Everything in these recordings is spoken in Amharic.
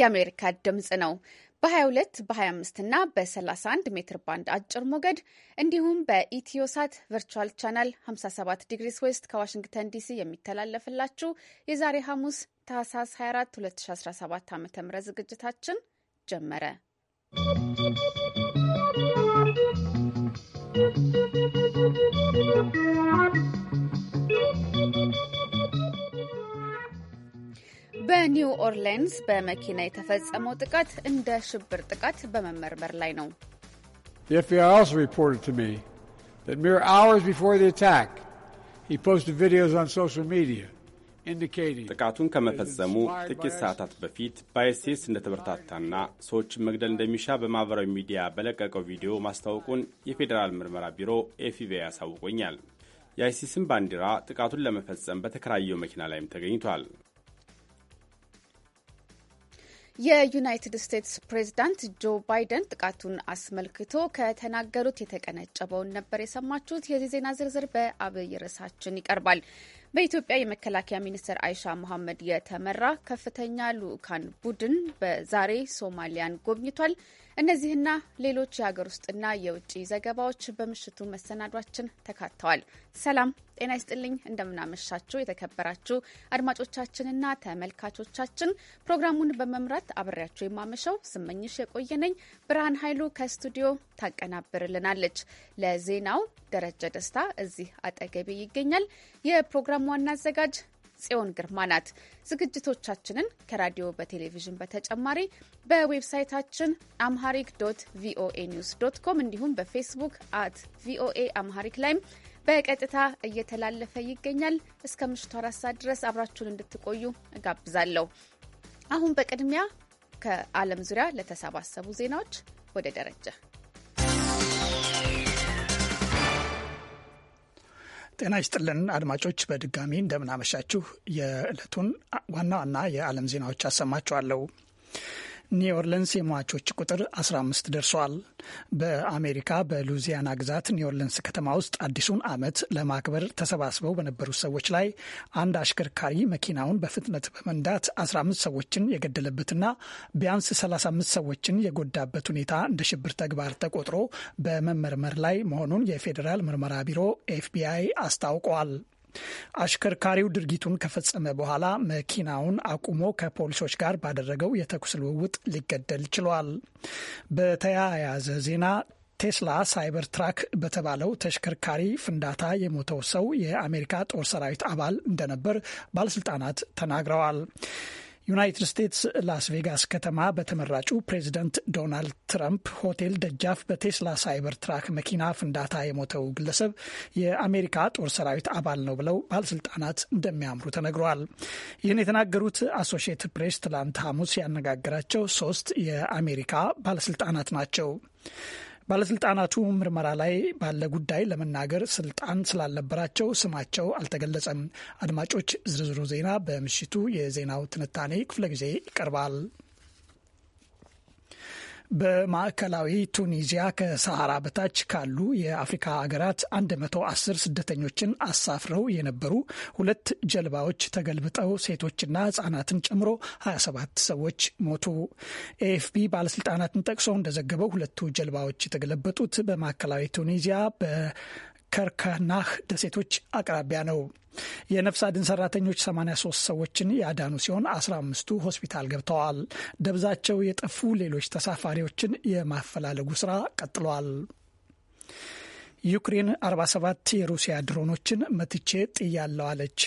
የአሜሪካ ድምፅ ነው። በ22 በ25 እና በ31 ሜትር ባንድ አጭር ሞገድ እንዲሁም በኢትዮሳት ቨርቹዋል ቻናል 57 ዲግሪስ ዌስት ከዋሽንግተን ዲሲ የሚተላለፍላችሁ የዛሬ ሐሙስ ታህሳስ 24 2017 ዓ ም ዝግጅታችን ጀመረ። ¶¶ በኒው ኦርሌንስ በመኪና የተፈጸመው ጥቃት እንደ ሽብር ጥቃት በመመርመር ላይ ነው። ጥቃቱን ከመፈጸሙ ጥቂት ሰዓታት በፊት ባይሴስ እንደተበረታታና ሰዎችን መግደል እንደሚሻ በማኅበራዊ ሚዲያ በለቀቀው ቪዲዮ ማስታወቁን የፌዴራል ምርመራ ቢሮ ኤፍቢአይ ያሳውቆኛል። የአይሲስን ባንዲራ ጥቃቱን ለመፈጸም በተከራየው መኪና ላይም ተገኝቷል። የዩናይትድ ስቴትስ ፕሬዝዳንት ጆ ባይደን ጥቃቱን አስመልክቶ ከተናገሩት የተቀነጨበውን ነበር የሰማችሁት። የዚህ ዜና ዝርዝር በአብይ ርዕሳችን ይቀርባል። በኢትዮጵያ የመከላከያ ሚኒስትር አይሻ መሐመድ የተመራ ከፍተኛ ልዑካን ቡድን በዛሬ ሶማሊያን ጎብኝቷል። እነዚህና ሌሎች የሀገር ውስጥና የውጭ ዘገባዎች በምሽቱ መሰናዷችን ተካተዋል። ሰላም ጤና ይስጥልኝ። እንደምናመሻችሁ የተከበራችሁ አድማጮቻችንና ተመልካቾቻችን፣ ፕሮግራሙን በመምራት አብሬያችሁ የማመሸው ስመኝሽ የቆየነኝ። ብርሃን ኃይሉ ከስቱዲዮ ታቀናብርልናለች። ለዜናው ደረጀ ደስታ እዚህ አጠገቤ ይገኛል። የፕሮግራሙ ዋና አዘጋጅ ጽዮን ግርማ ናት። ዝግጅቶቻችንን ከራዲዮ በቴሌቪዥን በተጨማሪ በዌብሳይታችን አምሃሪክ ዶት ቪኦኤ ኒውስ ዶት ኮም እንዲሁም በፌስቡክ አት ቪኦኤ አምሃሪክ ላይም በቀጥታ እየተላለፈ ይገኛል። እስከ ምሽቱ አራት ሰዓት ድረስ አብራችሁን እንድትቆዩ እጋብዛለሁ። አሁን በቅድሚያ ከዓለም ዙሪያ ለተሰባሰቡ ዜናዎች ወደ ደረጃ። ጤና ይስጥልን አድማጮች፣ በድጋሚ እንደምናመሻችሁ። የዕለቱን ዋና ዋና የዓለም ዜናዎች አሰማችኋለሁ። ኒው ኦርለንስ የሟቾች ቁጥር 15 ደርሷል። በአሜሪካ በሉዚያና ግዛት ኒው ከተማ ውስጥ አዲሱን ዓመት ለማክበር ተሰባስበው በነበሩት ሰዎች ላይ አንድ አሽከርካሪ መኪናውን በፍጥነት በመንዳት 15 ሰዎችን የገደለበትና ቢያንስ 35 ሰዎችን የጎዳበት ሁኔታ እንደ ሽብር ተግባር ተቆጥሮ በመመርመር ላይ መሆኑን የፌዴራል ምርመራ ቢሮ ኤፍቢአይ አስታውቋል። አሽከርካሪው ድርጊቱን ከፈጸመ በኋላ መኪናውን አቁሞ ከፖሊሶች ጋር ባደረገው የተኩስ ልውውጥ ሊገደል ችሏል። በተያያዘ ዜና ቴስላ ሳይበር ትራክ በተባለው ተሽከርካሪ ፍንዳታ የሞተው ሰው የአሜሪካ ጦር ሰራዊት አባል እንደነበር ባለስልጣናት ተናግረዋል። ዩናይትድ ስቴትስ ላስ ቬጋስ ከተማ በተመራጩ ፕሬዚደንት ዶናልድ ትራምፕ ሆቴል ደጃፍ በቴስላ ሳይበር ትራክ መኪና ፍንዳታ የሞተው ግለሰብ የአሜሪካ ጦር ሰራዊት አባል ነው ብለው ባለስልጣናት እንደሚያምሩ ተነግረዋል። ይህን የተናገሩት አሶሺየትድ ፕሬስ ትላንት ሐሙስ ያነጋገራቸው ሶስት የአሜሪካ ባለስልጣናት ናቸው። ባለስልጣናቱ ምርመራ ላይ ባለ ጉዳይ ለመናገር ስልጣን ስላልነበራቸው ስማቸው አልተገለጸም። አድማጮች፣ ዝርዝሩ ዜና በምሽቱ የዜናው ትንታኔ ክፍለ ጊዜ ይቀርባል። በማዕከላዊ ቱኒዚያ ከሰሃራ በታች ካሉ የአፍሪካ ሀገራት 110 ስደተኞችን አሳፍረው የነበሩ ሁለት ጀልባዎች ተገልብጠው ሴቶችና ህጻናትን ጨምሮ 27 ሰዎች ሞቱ። ኤኤፍፒ ባለስልጣናትን ጠቅሶ እንደዘገበው ሁለቱ ጀልባዎች የተገለበጡት በማዕከላዊ ቱኒዚያ በ ከርከናህ ደሴቶች አቅራቢያ ነው። የነፍስ አድን ሰራተኞች 83 ሰዎችን ያዳኑ ሲሆን 15ቱ ሆስፒታል ገብተዋል። ደብዛቸው የጠፉ ሌሎች ተሳፋሪዎችን የማፈላለጉ ስራ ቀጥሏል። ዩክሬን 47 የሩሲያ ድሮኖችን መትቼ ጥያለው አለች።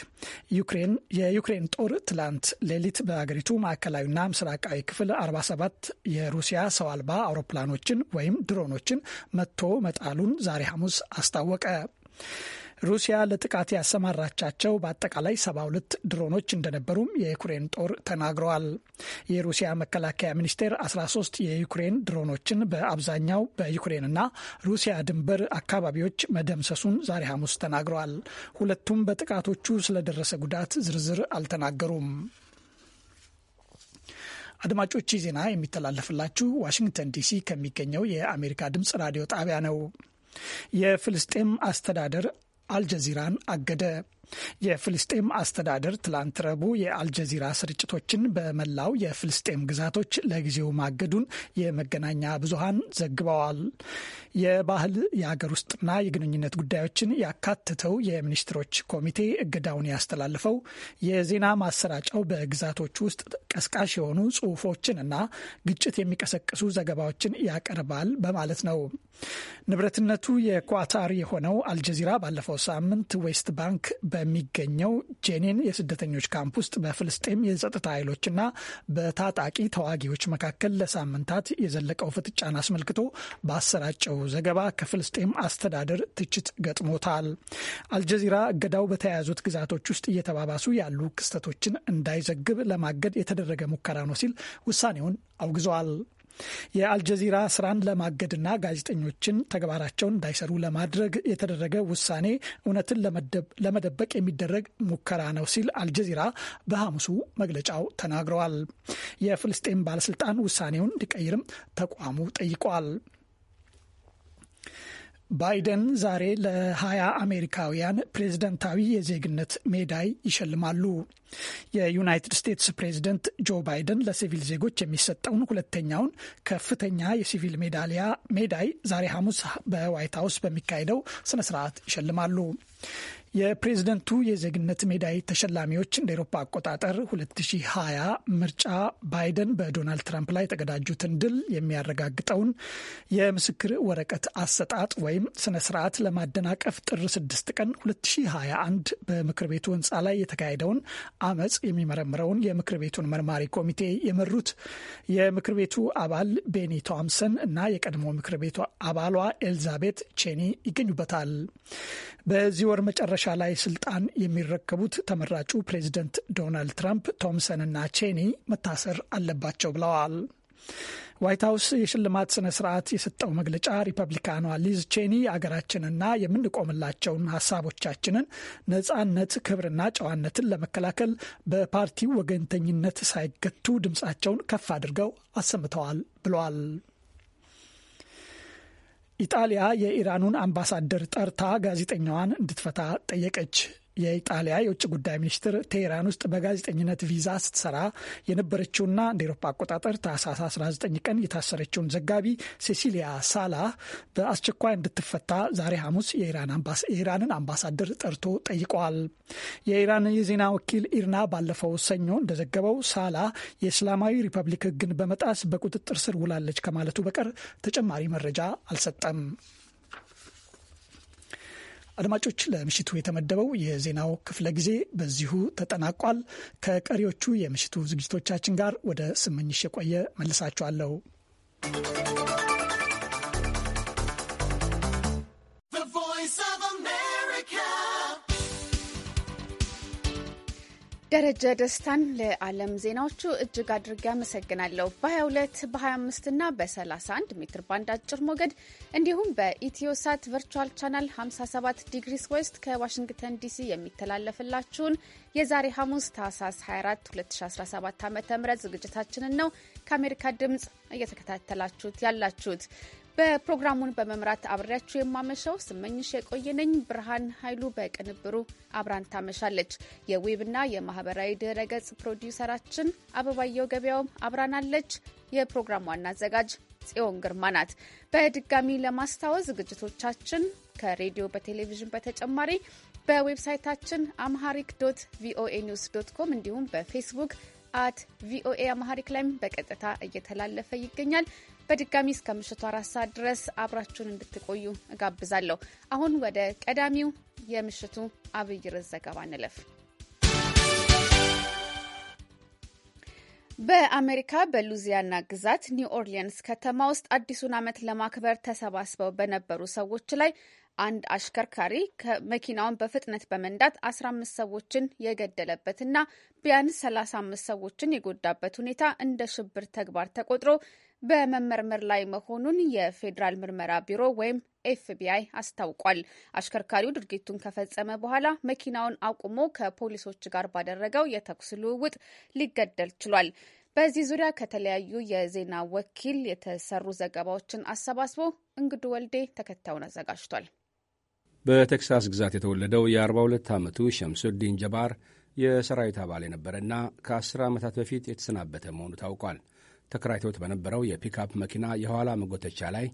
ዩክሬን የዩክሬን ጦር ትላንት ሌሊት በአገሪቱ ማዕከላዊና ምስራቃዊ ክፍል 47 የሩሲያ ሰው አልባ አውሮፕላኖችን ወይም ድሮኖችን መትቶ መጣሉን ዛሬ ሐሙስ አስታወቀ። ሩሲያ ለጥቃት ያሰማራቻቸው በአጠቃላይ 72 ድሮኖች እንደነበሩም የዩክሬን ጦር ተናግረዋል። የሩሲያ መከላከያ ሚኒስቴር 13 የዩክሬን ድሮኖችን በአብዛኛው በዩክሬንና ሩሲያ ድንበር አካባቢዎች መደምሰሱን ዛሬ ሐሙስ ተናግረዋል። ሁለቱም በጥቃቶቹ ስለደረሰ ጉዳት ዝርዝር አልተናገሩም። አድማጮች ዜና የሚተላለፍላችሁ ዋሽንግተን ዲሲ ከሚገኘው የአሜሪካ ድምጽ ራዲዮ ጣቢያ ነው። የፍልስጤም አስተዳደር አልጀዚራን አገደ። የፍልስጤም አስተዳደር ትላንት ረቡዕ የአልጀዚራ ስርጭቶችን በመላው የፍልስጤም ግዛቶች ለጊዜው ማገዱን የመገናኛ ብዙሃን ዘግበዋል። የባህል የሀገር ውስጥና የግንኙነት ጉዳዮችን ያካትተው የሚኒስትሮች ኮሚቴ እገዳውን ያስተላልፈው የዜና ማሰራጫው በግዛቶች ውስጥ ቀስቃሽ የሆኑ ጽሁፎችን እና ግጭት የሚቀሰቅሱ ዘገባዎችን ያቀርባል በማለት ነው። ንብረትነቱ የኳታር የሆነው አልጀዚራ ባለፈው ሳምንት ዌስት ባንክ በ በሚገኘው ጄኒን የስደተኞች ካምፕ ውስጥ በፍልስጤም የጸጥታ ኃይሎችና በታጣቂ ተዋጊዎች መካከል ለሳምንታት የዘለቀው ፍጥጫን አስመልክቶ ባሰራጨው ዘገባ ከፍልስጤም አስተዳደር ትችት ገጥሞታል። አልጀዚራ እገዳው በተያያዙት ግዛቶች ውስጥ እየተባባሱ ያሉ ክስተቶችን እንዳይዘግብ ለማገድ የተደረገ ሙከራ ነው ሲል ውሳኔውን አውግዘዋል። የአልጀዚራ ስራን ለማገድና ጋዜጠኞችን ተግባራቸውን እንዳይሰሩ ለማድረግ የተደረገ ውሳኔ እውነትን ለመደበቅ የሚደረግ ሙከራ ነው ሲል አልጀዚራ በሐሙሱ መግለጫው ተናግረዋል። የፍልስጤም ባለስልጣን ውሳኔውን እንዲቀይርም ተቋሙ ጠይቋል። ባይደን ዛሬ ለሀያ አሜሪካውያን ፕሬዝደንታዊ የዜግነት ሜዳይ ይሸልማሉ። የዩናይትድ ስቴትስ ፕሬዝደንት ጆ ባይደን ለሲቪል ዜጎች የሚሰጠውን ሁለተኛውን ከፍተኛ የሲቪል ሜዳሊያ ሜዳይ ዛሬ ሐሙስ በዋይት ሀውስ በሚካሄደው ስነ ስርዓት ይሸልማሉ። የፕሬዝደንቱ የዜግነት ሜዳይ ተሸላሚዎች እንደ ኤሮፓ አቆጣጠር 2020 ምርጫ ባይደን በዶናልድ ትራምፕ ላይ የተገዳጁትን ድል የሚያረጋግጠውን የምስክር ወረቀት አሰጣጥ ወይም ስነ ስርዓት ለማደናቀፍ ጥር 6 ቀን 2021 በምክር ቤቱ ህንፃ ላይ የተካሄደውን አመፅ የሚመረምረውን የምክር ቤቱን መርማሪ ኮሚቴ የመሩት የምክር ቤቱ አባል ቤኒ ቶምሰን እና የቀድሞ ምክር ቤቱ አባሏ ኤልዛቤት ቼኒ ይገኙበታል። በዚህ ወር መጨረሻ መጨረሻ ላይ ስልጣን የሚረከቡት ተመራጩ ፕሬዚደንት ዶናልድ ትራምፕ ቶምሰንና ቼኒ መታሰር አለባቸው ብለዋል። ዋይት ሀውስ የሽልማት ስነ ስርዓት የሰጠው መግለጫ ሪፐብሊካኗ ሊዝ ቼኒ አገራችንና የምንቆምላቸውን ሀሳቦቻችንን ነጻነት፣ ክብርና ጨዋነትን ለመከላከል በፓርቲው ወገንተኝነት ሳይገቱ ድምጻቸውን ከፍ አድርገው አሰምተዋል ብለዋል። ኢጣሊያ የኢራኑን አምባሳደር ጠርታ ጋዜጠኛዋን እንድትፈታ ጠየቀች። የኢጣሊያ የውጭ ጉዳይ ሚኒስትር ቴሄራን ውስጥ በጋዜጠኝነት ቪዛ ስትሰራ የነበረችውና እንደ ኤሮፓ አቆጣጠር ታህሳስ 19 ቀን የታሰረችውን ዘጋቢ ሴሲሊያ ሳላ በአስቸኳይ እንድትፈታ ዛሬ ሐሙስ የኢራንን አምባሳደር ጠርቶ ጠይቀዋል። የኢራን የዜና ወኪል ኢርና ባለፈው ሰኞ እንደዘገበው ሳላ የእስላማዊ ሪፐብሊክ ሕግን በመጣስ በቁጥጥር ስር ውላለች ከማለቱ በቀር ተጨማሪ መረጃ አልሰጠም። አድማጮች፣ ለምሽቱ የተመደበው የዜናው ክፍለ ጊዜ በዚሁ ተጠናቋል። ከቀሪዎቹ የምሽቱ ዝግጅቶቻችን ጋር ወደ ስመኝሽ የቆየ መልሳችኋለሁ። ደረጀ ደስታን ለዓለም ዜናዎቹ እጅግ አድርጌ አመሰግናለሁ። በ22 በ25 እና በ31 ሜትር ባንድ አጭር ሞገድ እንዲሁም በኢትዮሳት ቨርቹዋል ቻናል 57 ዲግሪስ ዌስት ከዋሽንግተን ዲሲ የሚተላለፍላችሁን የዛሬ ሐሙስ ታህሳስ 24 2017 ዓ ም ዝግጅታችንን ነው ከአሜሪካ ድምፅ እየተከታተላችሁት ያላችሁት። በፕሮግራሙን በመምራት አብሬያችሁ የማመሻው ስመኝሽ የቆየነኝ። ብርሃን ኃይሉ በቅንብሩ አብራን ታመሻለች። የዌብና የማህበራዊ ገጽ ፕሮዲውሰራችን አበባየው ገበያውም አብራናለች። የፕሮግራሙ ዋና አዘጋጅ ጽዮን ግርማ ናት። በድጋሚ ለማስታወስ ዝግጅቶቻችን ከሬዲዮ በቴሌቪዥን በተጨማሪ በዌብሳይታችን አምሃሪክ ዶት ቪኦኤ ኒውስ ዶት ኮም እንዲሁም በፌስቡክ አት ቪኦኤ አምሃሪክ ላይም በቀጥታ እየተላለፈ ይገኛል። በድጋሚ እስከ ምሽቱ አራት ሰዓት ድረስ አብራችሁን እንድትቆዩ እጋብዛለሁ። አሁን ወደ ቀዳሚው የምሽቱ አብይ ርዕስ ዘገባ እንለፍ። በአሜሪካ በሉዚያና ግዛት ኒው ኦርሊያንስ ከተማ ውስጥ አዲሱን ዓመት ለማክበር ተሰባስበው በነበሩ ሰዎች ላይ አንድ አሽከርካሪ መኪናውን በፍጥነት በመንዳት 15 ሰዎችን የገደለበትና ቢያንስ 35 ሰዎችን የጎዳበት ሁኔታ እንደ ሽብር ተግባር ተቆጥሮ በመመርመር ላይ መሆኑን የፌዴራል ምርመራ ቢሮ ወይም ኤፍቢአይ አስታውቋል። አሽከርካሪው ድርጊቱን ከፈጸመ በኋላ መኪናውን አቁሞ ከፖሊሶች ጋር ባደረገው የተኩስ ልውውጥ ሊገደል ችሏል። በዚህ ዙሪያ ከተለያዩ የዜና ወኪል የተሰሩ ዘገባዎችን አሰባስቦ እንግዱ ወልዴ ተከታዩን አዘጋጅቷል። በቴክሳስ ግዛት የተወለደው የ42 ዓመቱ ሸምሱዲን ጀባር የሰራዊት አባል የነበረና ከ10 ዓመታት በፊት የተሰናበተ መሆኑ ታውቋል። ተከራይቶት በነበረው የፒክአፕ መኪና የኋላ መጎተቻ ላይ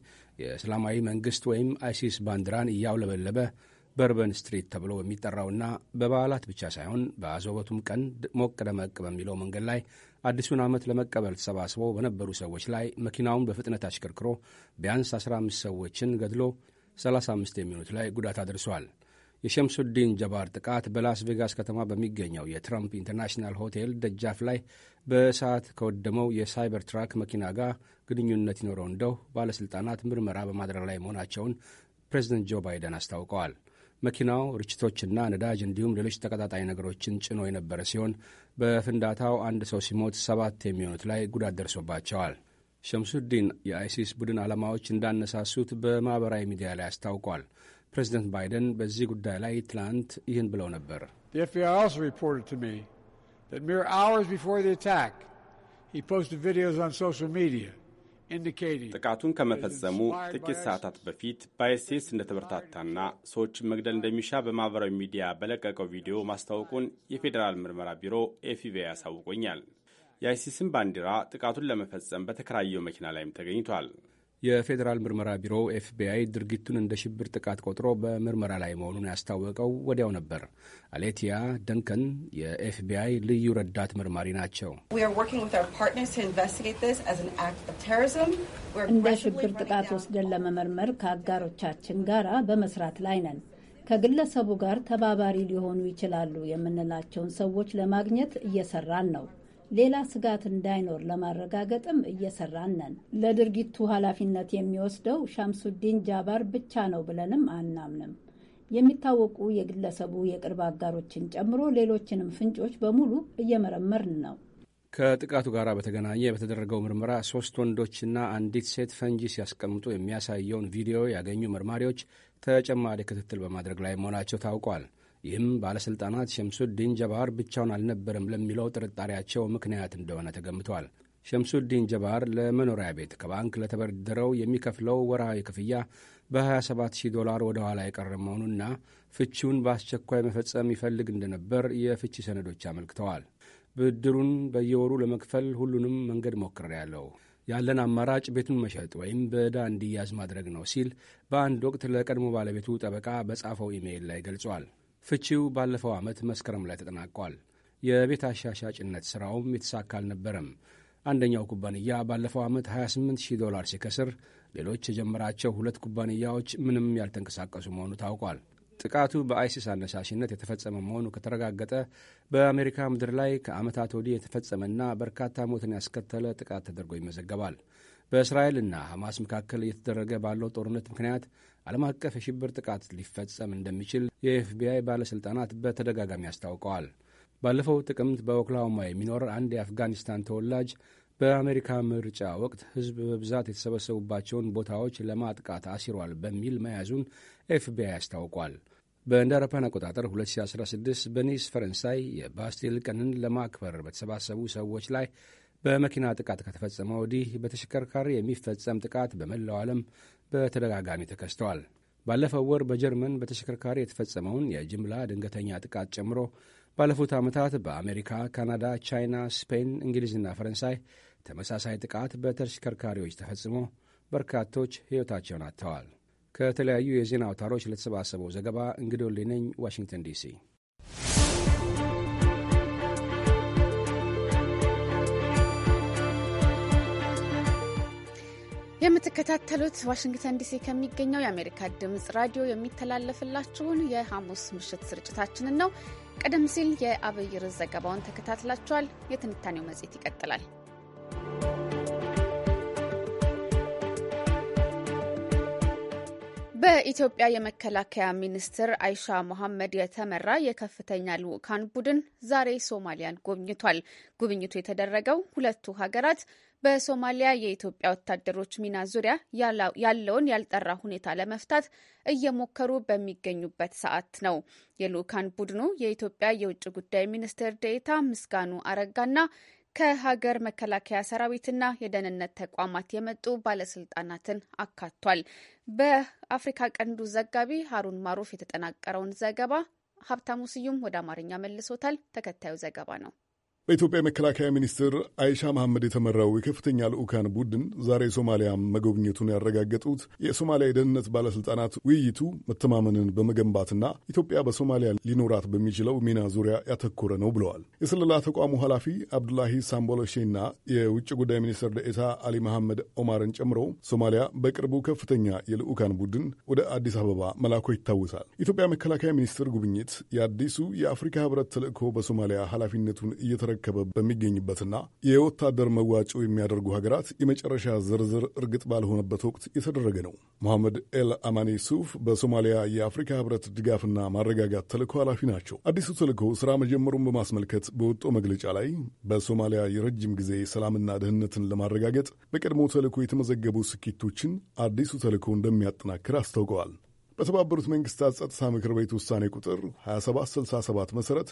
የእስላማዊ መንግሥት ወይም አይሲስ ባንዲራን እያውለበለበ በርበን ስትሪት ተብሎ በሚጠራውና በበዓላት ብቻ ሳይሆን በአዘቦቱም ቀን ሞቅ ደመቅ በሚለው መንገድ ላይ አዲሱን ዓመት ለመቀበል ተሰባስበው በነበሩ ሰዎች ላይ መኪናውን በፍጥነት አሽከርክሮ ቢያንስ 15 ሰዎችን ገድሎ 35 የሚሆኑት ላይ ጉዳት አድርሷል። የሸምሱዲን ጀባር ጥቃት በላስ ቬጋስ ከተማ በሚገኘው የትራምፕ ኢንተርናሽናል ሆቴል ደጃፍ ላይ በእሳት ከወደመው የሳይበር ትራክ መኪና ጋር ግንኙነት ይኖረው እንደው ባለሥልጣናት ምርመራ በማድረግ ላይ መሆናቸውን ፕሬዝደንት ጆ ባይደን አስታውቀዋል። መኪናው ርችቶችና ነዳጅ እንዲሁም ሌሎች ተቀጣጣይ ነገሮችን ጭኖ የነበረ ሲሆን በፍንዳታው አንድ ሰው ሲሞት ሰባት የሚሆኑት ላይ ጉዳት ደርሶባቸዋል። ሸምሱዲን የአይሲስ ቡድን ዓላማዎች እንዳነሳሱት በማኅበራዊ ሚዲያ ላይ አስታውቋል። ፕሬዚደንት ባይደን በዚህ ጉዳይ ላይ ትናንት ይህን ብለው ነበር። ጥቃቱን ከመፈጸሙ ጥቂት ሰዓታት በፊት በአይሲስ እንደተበረታታና ሰዎችን መግደል እንደሚሻ በማኅበራዊ ሚዲያ በለቀቀው ቪዲዮ ማስታወቁን የፌዴራል ምርመራ ቢሮ ኤፍቢአይ ያሳውቆኛል። የአይሲስን ባንዲራ ጥቃቱን ለመፈጸም በተከራየው መኪና ላይም ተገኝቷል። የፌዴራል ምርመራ ቢሮው ኤፍቢአይ ድርጊቱን እንደ ሽብር ጥቃት ቆጥሮ በምርመራ ላይ መሆኑን ያስታወቀው ወዲያው ነበር። አሌቲያ ደንከን የኤፍቢአይ ልዩ ረዳት መርማሪ ናቸው። እንደ ሽብር ጥቃት ወስደን ለመመርመር ከአጋሮቻችን ጋር በመስራት ላይ ነን። ከግለሰቡ ጋር ተባባሪ ሊሆኑ ይችላሉ የምንላቸውን ሰዎች ለማግኘት እየሰራን ነው። ሌላ ስጋት እንዳይኖር ለማረጋገጥም እየሰራን ነን። ለድርጊቱ ኃላፊነት የሚወስደው ሻምሱዲን ጃባር ብቻ ነው ብለንም አናምንም። የሚታወቁ የግለሰቡ የቅርብ አጋሮችን ጨምሮ ሌሎችንም ፍንጮች በሙሉ እየመረመርን ነው። ከጥቃቱ ጋር በተገናኘ በተደረገው ምርመራ ሶስት ወንዶችና አንዲት ሴት ፈንጂ ሲያስቀምጡ የሚያሳየውን ቪዲዮ ያገኙ መርማሪዎች ተጨማሪ ክትትል በማድረግ ላይ መሆናቸው ታውቋል። ይህም ባለሥልጣናት ሸምሱዲን ጀባር ብቻውን አልነበረም ለሚለው ጥርጣሬያቸው ምክንያት እንደሆነ ተገምቷል። ሸምሱዲን ጀባር ለመኖሪያ ቤት ከባንክ ለተበደረው የሚከፍለው ወርሃዊ ክፍያ በ27000 ዶላር ወደ ኋላ የቀረ መሆኑና ፍቺውን በአስቸኳይ መፈጸም ይፈልግ እንደነበር የፍቺ ሰነዶች አመልክተዋል። ብድሩን በየወሩ ለመክፈል ሁሉንም መንገድ ያለው። ያለን አማራጭ ቤቱን መሸጥ ወይም በዕዳ እንዲያዝ ማድረግ ነው ሲል በአንድ ወቅት ለቀድሞ ባለቤቱ ጠበቃ በጻፈው ኢሜይል ላይ ገልጿል። ፍቺው ባለፈው ዓመት መስከረም ላይ ተጠናቋል። የቤት አሻሻጭነት ሥራውም የተሳካ አልነበረም። አንደኛው ኩባንያ ባለፈው ዓመት 28 ዶላር ሲከስር ሌሎች የጀመራቸው ሁለት ኩባንያዎች ምንም ያልተንቀሳቀሱ መሆኑ ታውቋል። ጥቃቱ በአይሲስ አነሳሽነት የተፈጸመ መሆኑ ከተረጋገጠ በአሜሪካ ምድር ላይ ከዓመታት ወዲህ የተፈጸመና በርካታ ሞትን ያስከተለ ጥቃት ተደርጎ ይመዘገባል። በእስራኤልና ሐማስ መካከል እየተደረገ ባለው ጦርነት ምክንያት ዓለም አቀፍ የሽብር ጥቃት ሊፈጸም እንደሚችል የኤፍቢአይ ባለሥልጣናት በተደጋጋሚ አስታውቀዋል። ባለፈው ጥቅምት በኦክላሆማ የሚኖር አንድ የአፍጋኒስታን ተወላጅ በአሜሪካ ምርጫ ወቅት ሕዝብ በብዛት የተሰበሰቡባቸውን ቦታዎች ለማጥቃት አሲሯል በሚል መያዙን ኤፍቢአይ አስታውቋል። በእንደ አቆጣጠር 2016 በኒስ ፈረንሳይ የባስቲል ቀንን ለማክበር በተሰባሰቡ ሰዎች ላይ በመኪና ጥቃት ከተፈጸመ ወዲህ በተሽከርካሪ የሚፈጸም ጥቃት በመላው ዓለም በተደጋጋሚ ተከስተዋል። ባለፈው ወር በጀርመን በተሽከርካሪ የተፈጸመውን የጅምላ ድንገተኛ ጥቃት ጨምሮ ባለፉት ዓመታት በአሜሪካ፣ ካናዳ፣ ቻይና፣ ስፔን፣ እንግሊዝና ፈረንሳይ ተመሳሳይ ጥቃት በተሽከርካሪዎች ተፈጽሞ በርካቶች ሕይወታቸውን አጥተዋል። ከተለያዩ የዜና አውታሮች ለተሰባሰበው ዘገባ እንግዶልነኝ ዋሽንግተን ዲሲ የምትከታተሉት ዋሽንግተን ዲሲ ከሚገኘው የአሜሪካ ድምፅ ራዲዮ የሚተላለፍላችሁን የሐሙስ ምሽት ስርጭታችንን ነው። ቀደም ሲል የአብይ ርዕስ ዘገባውን ተከታትላችኋል። የትንታኔው መጽሔት ይቀጥላል። በኢትዮጵያ የመከላከያ ሚኒስትር አይሻ መሐመድ የተመራ የከፍተኛ ልዑካን ቡድን ዛሬ ሶማሊያን ጎብኝቷል። ጉብኝቱ የተደረገው ሁለቱ ሀገራት በሶማሊያ የኢትዮጵያ ወታደሮች ሚና ዙሪያ ያለውን ያልጠራ ሁኔታ ለመፍታት እየሞከሩ በሚገኙበት ሰዓት ነው። የልኡካን ቡድኑ የኢትዮጵያ የውጭ ጉዳይ ሚኒስትር ዴኤታ ምስጋኑ አረጋና ከሀገር መከላከያ ሰራዊትና የደህንነት ተቋማት የመጡ ባለስልጣናትን አካቷል። በአፍሪካ ቀንዱ ዘጋቢ ሀሩን ማሩፍ የተጠናቀረውን ዘገባ ሀብታሙ ስዩም ወደ አማርኛ መልሶታል። ተከታዩ ዘገባ ነው። በኢትዮጵያ የመከላከያ ሚኒስትር አይሻ መሐመድ የተመራው የከፍተኛ ልዑካን ቡድን ዛሬ ሶማሊያ መጎብኘቱን ያረጋገጡት የሶማሊያ የደህንነት ባለስልጣናት ውይይቱ መተማመንን በመገንባትና ኢትዮጵያ በሶማሊያ ሊኖራት በሚችለው ሚና ዙሪያ ያተኮረ ነው ብለዋል። የስለላ ተቋሙ ኃላፊ አብዱላሂ ሳምቦሎሼና የውጭ ጉዳይ ሚኒስትር ደኤታ አሊ መሐመድ ኦማርን ጨምሮ ሶማሊያ በቅርቡ ከፍተኛ የልዑካን ቡድን ወደ አዲስ አበባ መላኮ ይታወሳል። ኢትዮጵያ መከላከያ ሚኒስትር ጉብኝት የአዲሱ የአፍሪካ ህብረት ተልእኮ በሶማሊያ ኃላፊነቱን እየተረ እየተረከበ በሚገኝበትና የወታደር መዋጮ የሚያደርጉ ሀገራት የመጨረሻ ዝርዝር እርግጥ ባልሆነበት ወቅት የተደረገ ነው። መሐመድ ኤል አማኒ ሱፍ በሶማሊያ የአፍሪካ ህብረት ድጋፍና ማረጋጋት ተልእኮ ኃላፊ ናቸው። አዲሱ ተልእኮ ስራ መጀመሩን በማስመልከት በወጣው መግለጫ ላይ በሶማሊያ የረጅም ጊዜ ሰላምና ደህንነትን ለማረጋገጥ በቀድሞ ተልእኮ የተመዘገቡ ስኬቶችን አዲሱ ተልእኮ እንደሚያጠናክር አስታውቀዋል። በተባበሩት መንግስታት ጸጥታ ምክር ቤት ውሳኔ ቁጥር 2767 መሠረት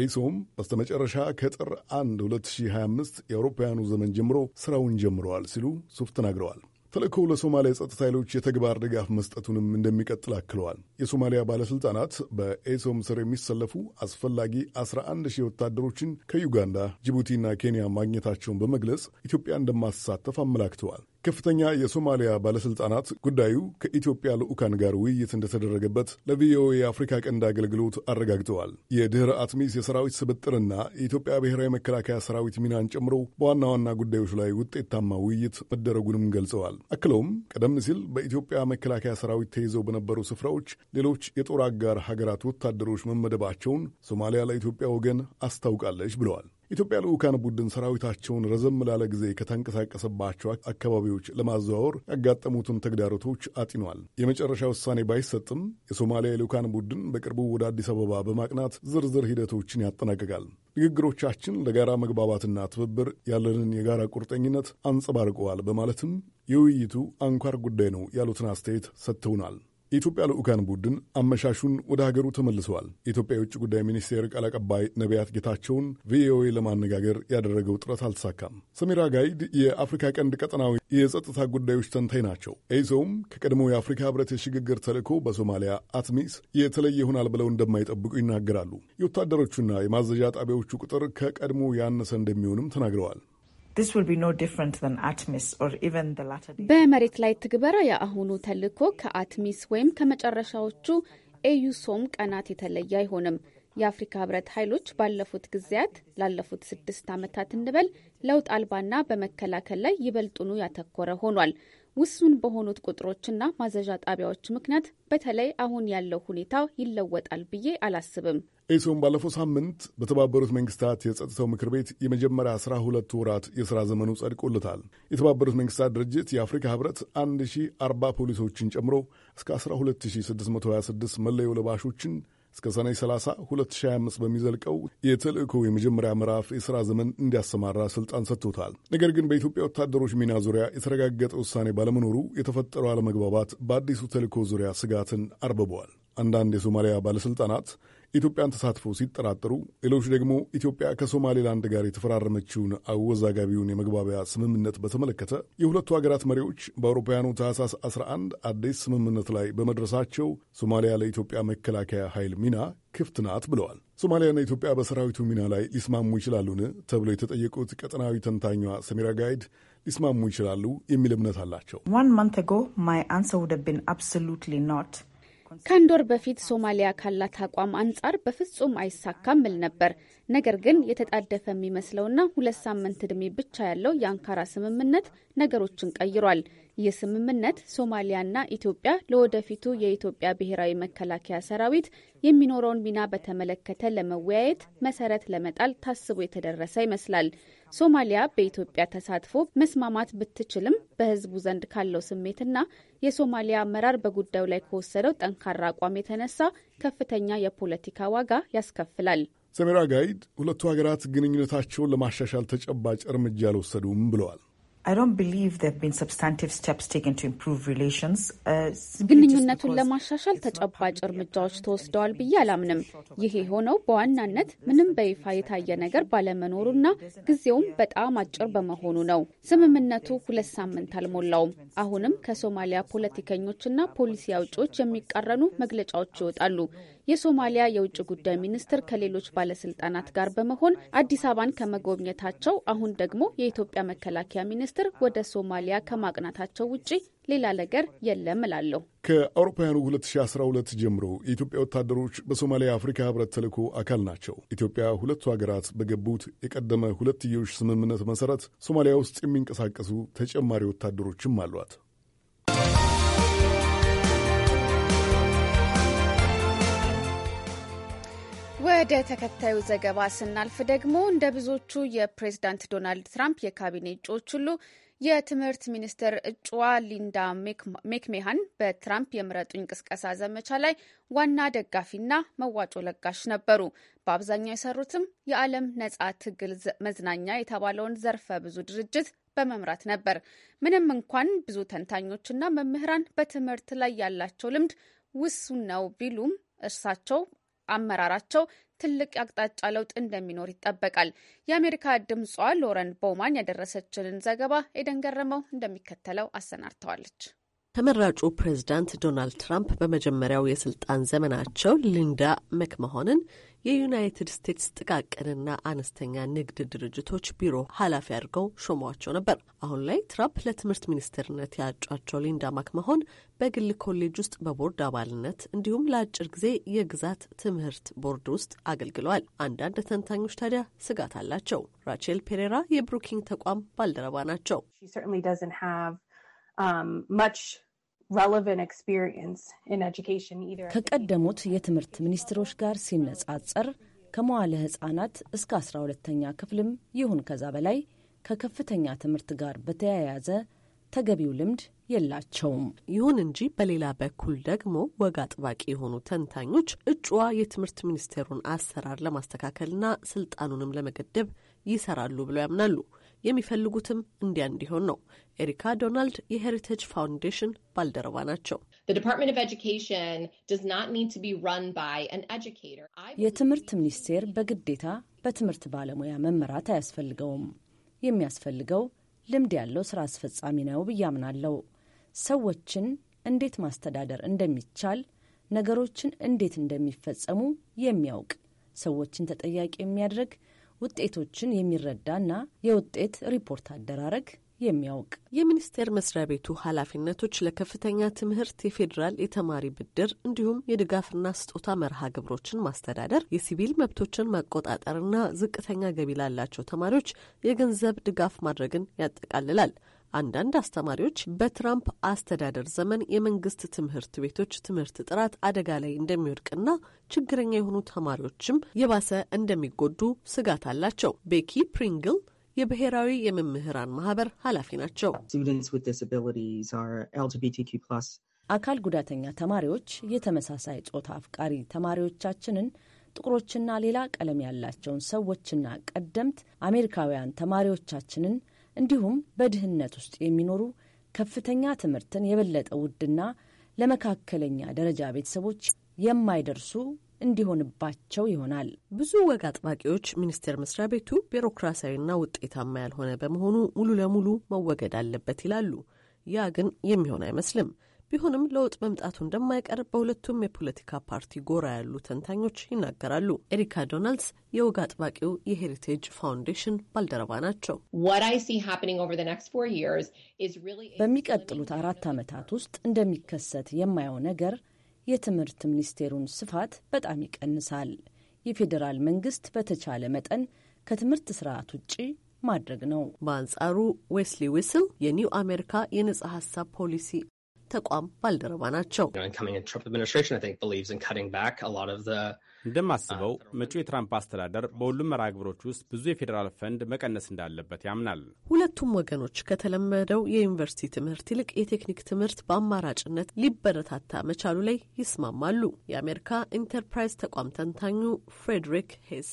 ኤሶም በስተመጨረሻ ከጥር 1 2025 የአውሮፓውያኑ ዘመን ጀምሮ ስራውን ጀምረዋል ሲሉ ሱፍ ተናግረዋል። ተልእኮው ለሶማሊያ የጸጥታ ኃይሎች የተግባር ድጋፍ መስጠቱንም እንደሚቀጥል አክለዋል። የሶማሊያ ባለሥልጣናት በኤሶም ስር የሚሰለፉ አስፈላጊ 11 ሺህ ወታደሮችን ከዩጋንዳ፣ ጅቡቲና ኬንያ ማግኘታቸውን በመግለጽ ኢትዮጵያ እንደማትሳተፍ አመላክተዋል። ከፍተኛ የሶማሊያ ባለሥልጣናት ጉዳዩ ከኢትዮጵያ ልዑካን ጋር ውይይት እንደተደረገበት ለቪኦኤ የአፍሪካ ቀንድ አገልግሎት አረጋግጠዋል። የድኅረ አትሚስ የሰራዊት ስብጥርና የኢትዮጵያ ብሔራዊ መከላከያ ሰራዊት ሚናን ጨምሮ በዋና ዋና ጉዳዮች ላይ ውጤታማ ውይይት መደረጉንም ገልጸዋል። አክለውም ቀደም ሲል በኢትዮጵያ መከላከያ ሰራዊት ተይዘው በነበሩ ስፍራዎች ሌሎች የጦር አጋር ሀገራት ወታደሮች መመደባቸውን ሶማሊያ ለኢትዮጵያ ወገን አስታውቃለች ብለዋል። ኢትዮጵያ ልዑካን ቡድን ሰራዊታቸውን ረዘም ላለ ጊዜ ከተንቀሳቀሰባቸው አካባቢዎች ለማዘዋወር ያጋጠሙትን ተግዳሮቶች አጢኗል። የመጨረሻ ውሳኔ ባይሰጥም የሶማሊያ ልዑካን ቡድን በቅርቡ ወደ አዲስ አበባ በማቅናት ዝርዝር ሂደቶችን ያጠናቅቃል። ንግግሮቻችን ለጋራ መግባባትና ትብብር ያለንን የጋራ ቁርጠኝነት አንጸባርቀዋል በማለትም የውይይቱ አንኳር ጉዳይ ነው ያሉትን አስተያየት ሰጥተውናል። የኢትዮጵያ ልዑካን ቡድን አመሻሹን ወደ ሀገሩ ተመልሰዋል። የኢትዮጵያ የውጭ ጉዳይ ሚኒስቴር ቃል አቀባይ ነቢያት ጌታቸውን ቪኦኤ ለማነጋገር ያደረገው ጥረት አልተሳካም። ሰሜራ ጋይድ የአፍሪካ ቀንድ ቀጠናዊ የጸጥታ ጉዳዮች ተንታኝ ናቸው። ይዘውም ከቀድሞው የአፍሪካ ሕብረት የሽግግር ተልዕኮ በሶማሊያ አትሚስ የተለየ ይሆናል ብለው እንደማይጠብቁ ይናገራሉ። የወታደሮቹና የማዘዣ ጣቢያዎቹ ቁጥር ከቀድሞ ያነሰ እንደሚሆንም ተናግረዋል። በመሬት ላይ ትግበራ የአሁኑ ተልዕኮ ከአትሚስ ወይም ከመጨረሻዎቹ ኤዩሶም ቀናት የተለየ አይሆንም። የአፍሪካ ህብረት ኃይሎች ባለፉት ጊዜያት ላለፉት ስድስት ዓመታት እንበል ለውጥ አልባና በመከላከል ላይ ይበልጡኑ ያተኮረ ሆኗል። ውሱን በሆኑት ቁጥሮችና ማዘዣ ጣቢያዎች ምክንያት በተለይ አሁን ያለው ሁኔታ ይለወጣል ብዬ አላስብም። ኤሶን ባለፈው ሳምንት በተባበሩት መንግስታት የጸጥታው ምክር ቤት የመጀመሪያ አስራ ሁለት ወራት የሥራ ዘመኑ ጸድቆለታል። የተባበሩት መንግስታት ድርጅት የአፍሪካ ህብረት 1040 ፖሊሶችን ጨምሮ እስከ 12626 መለዮ ለባሾችን እስከ ሰኔ 30 2025 በሚዘልቀው የተልእኮ የመጀመሪያ ምዕራፍ የሥራ ዘመን እንዲያሰማራ ስልጣን ሰጥቶታል። ነገር ግን በኢትዮጵያ ወታደሮች ሚና ዙሪያ የተረጋገጠ ውሳኔ ባለመኖሩ የተፈጠረው አለመግባባት በአዲሱ ተልእኮ ዙሪያ ስጋትን አርብበዋል። አንዳንድ የሶማሊያ ባለሥልጣናት ኢትዮጵያን ተሳትፎ ሲጠራጠሩ፣ ሌሎች ደግሞ ኢትዮጵያ ከሶማሌላንድ ጋር የተፈራረመችውን አወዛጋቢውን የመግባቢያ ስምምነት በተመለከተ የሁለቱ ሀገራት መሪዎች በአውሮፓውያኑ ታህሳስ 11 አዲስ ስምምነት ላይ በመድረሳቸው ሶማሊያ ለኢትዮጵያ መከላከያ ኃይል ሚና ክፍት ናት ብለዋል። ሶማሊያና ኢትዮጵያ በሰራዊቱ ሚና ላይ ሊስማሙ ይችላሉን ተብለው የተጠየቁት ቀጠናዊ ተንታኟ ሰሜራ ጋይድ ሊስማሙ ይችላሉ የሚል እምነት አላቸው። ዋን ማንት ጎ ማይ አንሰር ውድ ሃቭ ቢን አብሶሉትሊ ኖት ከአንድ ወር በፊት ሶማሊያ ካላት አቋም አንጻር በፍጹም አይሳካም ምል ነበር። ነገር ግን የተጣደፈ የሚመስለውና ሁለት ሳምንት ዕድሜ ብቻ ያለው የአንካራ ስምምነት ነገሮችን ቀይሯል። ይህ ስምምነት ሶማሊያና ኢትዮጵያ ለወደፊቱ የኢትዮጵያ ብሔራዊ መከላከያ ሰራዊት የሚኖረውን ሚና በተመለከተ ለመወያየት መሰረት ለመጣል ታስቦ የተደረሰ ይመስላል። ሶማሊያ በኢትዮጵያ ተሳትፎ መስማማት ብትችልም በህዝቡ ዘንድ ካለው ስሜትና የሶማሊያ አመራር በጉዳዩ ላይ ከወሰደው ጠንካራ አቋም የተነሳ ከፍተኛ የፖለቲካ ዋጋ ያስከፍላል። ሰሜራ ጋይድ ሁለቱ ሀገራት ግንኙነታቸውን ለማሻሻል ተጨባጭ እርምጃ አልወሰዱም ብለዋል። Uh, ግንኙነቱን ለማሻሻል ተጨባጭ እርምጃዎች ተወስደዋል ብዬ አላምንም። ይህ የሆነው በዋናነት ምንም በይፋ የታየ ነገር ባለመኖሩና ጊዜውም በጣም አጭር በመሆኑ ነው። ስምምነቱ ሁለት ሳምንት አልሞላውም። አሁንም ከሶማሊያ ፖለቲከኞችና ፖሊሲ አውጪዎች የሚቃረኑ መግለጫዎች ይወጣሉ። የሶማሊያ የውጭ ጉዳይ ሚኒስትር ከሌሎች ባለስልጣናት ጋር በመሆን አዲስ አበባን ከመጎብኘታቸው አሁን ደግሞ የኢትዮጵያ መከላከያ ሚኒስትር ወደ ሶማሊያ ከማቅናታቸው ውጪ ሌላ ነገር የለም እላለሁ። ከአውሮፓውያኑ 2012 ጀምሮ የኢትዮጵያ ወታደሮች በሶማሊያ አፍሪካ ህብረት ተልዕኮ አካል ናቸው። ኢትዮጵያ ሁለቱ ሀገራት በገቡት የቀደመ ሁለትዮሽ ስምምነት መሰረት ሶማሊያ ውስጥ የሚንቀሳቀሱ ተጨማሪ ወታደሮችም አሏት። ወደ ተከታዩ ዘገባ ስናልፍ ደግሞ እንደ ብዙዎቹ የፕሬዝዳንት ዶናልድ ትራምፕ የካቢኔ እጩዎች ሁሉ የትምህርት ሚኒስትር እጩዋ ሊንዳ ሜክሜሃን በትራምፕ የምረጡኝ ቅስቀሳ ዘመቻ ላይ ዋና ደጋፊና መዋጮ ለጋሽ ነበሩ። በአብዛኛው የሰሩትም የዓለም ነጻ ትግል መዝናኛ የተባለውን ዘርፈ ብዙ ድርጅት በመምራት ነበር። ምንም እንኳን ብዙ ተንታኞችና መምህራን በትምህርት ላይ ያላቸው ልምድ ውሱን ነው ቢሉም እርሳቸው አመራራቸው ትልቅ አቅጣጫ ለውጥ እንደሚኖር ይጠበቃል። የአሜሪካ ድምጿ ሎረን ቦማን ያደረሰችንን ዘገባ ኤደን ገረመው እንደሚከተለው አሰናድተዋለች። ተመራጩ ፕሬዝዳንት ዶናልድ ትራምፕ በመጀመሪያው የስልጣን ዘመናቸው ሊንዳ መክመሆንን የዩናይትድ ስቴትስ ጥቃቅንና አነስተኛ ንግድ ድርጅቶች ቢሮ ኃላፊ አድርገው ሾመዋቸው ነበር። አሁን ላይ ትራምፕ ለትምህርት ሚኒስትርነት ያጯቸው ሊንዳ ማክመሆን በግል ኮሌጅ ውስጥ በቦርድ አባልነት እንዲሁም ለአጭር ጊዜ የግዛት ትምህርት ቦርድ ውስጥ አገልግለዋል። አንዳንድ ተንታኞች ታዲያ ስጋት አላቸው። ራቼል ፔሬራ የብሩኪንግ ተቋም ባልደረባ ናቸው። Um, much ከቀደሙት የትምህርት ሚኒስትሮች ጋር ሲነጻጸር ከመዋለ ህጻናት እስከ 12ተኛ ክፍልም ይሁን ከዛ በላይ ከከፍተኛ ትምህርት ጋር በተያያዘ ተገቢው ልምድ የላቸውም። ይሁን እንጂ በሌላ በኩል ደግሞ ወግ አጥባቂ የሆኑ ተንታኞች እጩዋ የትምህርት ሚኒስቴሩን አሰራር ለማስተካከልና ስልጣኑንም ለመገደብ ይሰራሉ ብለው ያምናሉ። የሚፈልጉትም እንዲያ እንዲሆን ነው። ኤሪካ ዶናልድ የሄሪቴጅ ፋውንዴሽን ባልደረባ ናቸው። የትምህርት ሚኒስቴር በግዴታ በትምህርት ባለሙያ መመራት አያስፈልገውም። የሚያስፈልገው ልምድ ያለው ስራ አስፈጻሚ ነው ብያምናለው። አምናለሁ። ሰዎችን እንዴት ማስተዳደር እንደሚቻል፣ ነገሮችን እንዴት እንደሚፈጸሙ የሚያውቅ ሰዎችን ተጠያቂ የሚያደርግ ውጤቶችን የሚረዳና የውጤት ሪፖርት አደራረግ የሚያውቅ የሚኒስቴር መስሪያ ቤቱ ኃላፊነቶች ለከፍተኛ ትምህርት የፌዴራል የተማሪ ብድር እንዲሁም የድጋፍና ስጦታ መርሃ ግብሮችን ማስተዳደር፣ የሲቪል መብቶችን መቆጣጠርና ዝቅተኛ ገቢ ላላቸው ተማሪዎች የገንዘብ ድጋፍ ማድረግን ያጠቃልላል። አንዳንድ አስተማሪዎች በትራምፕ አስተዳደር ዘመን የመንግስት ትምህርት ቤቶች ትምህርት ጥራት አደጋ ላይ እንደሚወድቅና ችግረኛ የሆኑ ተማሪዎችም የባሰ እንደሚጎዱ ስጋት አላቸው። ቤኪ ፕሪንግል የብሔራዊ የመምህራን ማህበር ኃላፊ ናቸው። አካል ጉዳተኛ ተማሪዎች የተመሳሳይ ጾታ አፍቃሪ ተማሪዎቻችንን ጥቁሮችና ሌላ ቀለም ያላቸውን ሰዎችና ቀደምት አሜሪካውያን ተማሪዎቻችንን እንዲሁም በድህነት ውስጥ የሚኖሩ ከፍተኛ ትምህርትን የበለጠ ውድና ለመካከለኛ ደረጃ ቤተሰቦች የማይደርሱ እንዲሆንባቸው ይሆናል። ብዙ ወግ አጥባቂዎች ሚኒስቴር መስሪያ ቤቱ ቢሮክራሲያዊና ውጤታማ ያልሆነ በመሆኑ ሙሉ ለሙሉ መወገድ አለበት ይላሉ። ያ ግን የሚሆን አይመስልም። ቢሆንም ለውጥ መምጣቱ እንደማይቀር በሁለቱም የፖለቲካ ፓርቲ ጎራ ያሉ ተንታኞች ይናገራሉ። ኤሪካ ዶናልድስ የወግ አጥባቂው የሄሪቴጅ ፋውንዴሽን ባልደረባ ናቸው። በሚቀጥሉት አራት ዓመታት ውስጥ እንደሚከሰት የማየው ነገር የትምህርት ሚኒስቴሩን ስፋት በጣም ይቀንሳል። የፌዴራል መንግስት በተቻለ መጠን ከትምህርት ስርዓት ውጪ ማድረግ ነው። በአንጻሩ ዌስሊ ዊስል የኒው አሜሪካ የነጻ ሀሳብ ፖሊሲ ተቋም ባልደረባ ናቸው። እንደማስበው uh, መጪው የትራምፕ አስተዳደር በሁሉም መርሃ ግብሮች ውስጥ ብዙ የፌዴራል ፈንድ መቀነስ እንዳለበት ያምናል። ሁለቱም ወገኖች ከተለመደው የዩኒቨርሲቲ ትምህርት ይልቅ የቴክኒክ ትምህርት በአማራጭነት ሊበረታታ መቻሉ ላይ ይስማማሉ። የአሜሪካ ኢንተርፕራይዝ ተቋም ተንታኙ ፍሬድሪክ ሄስ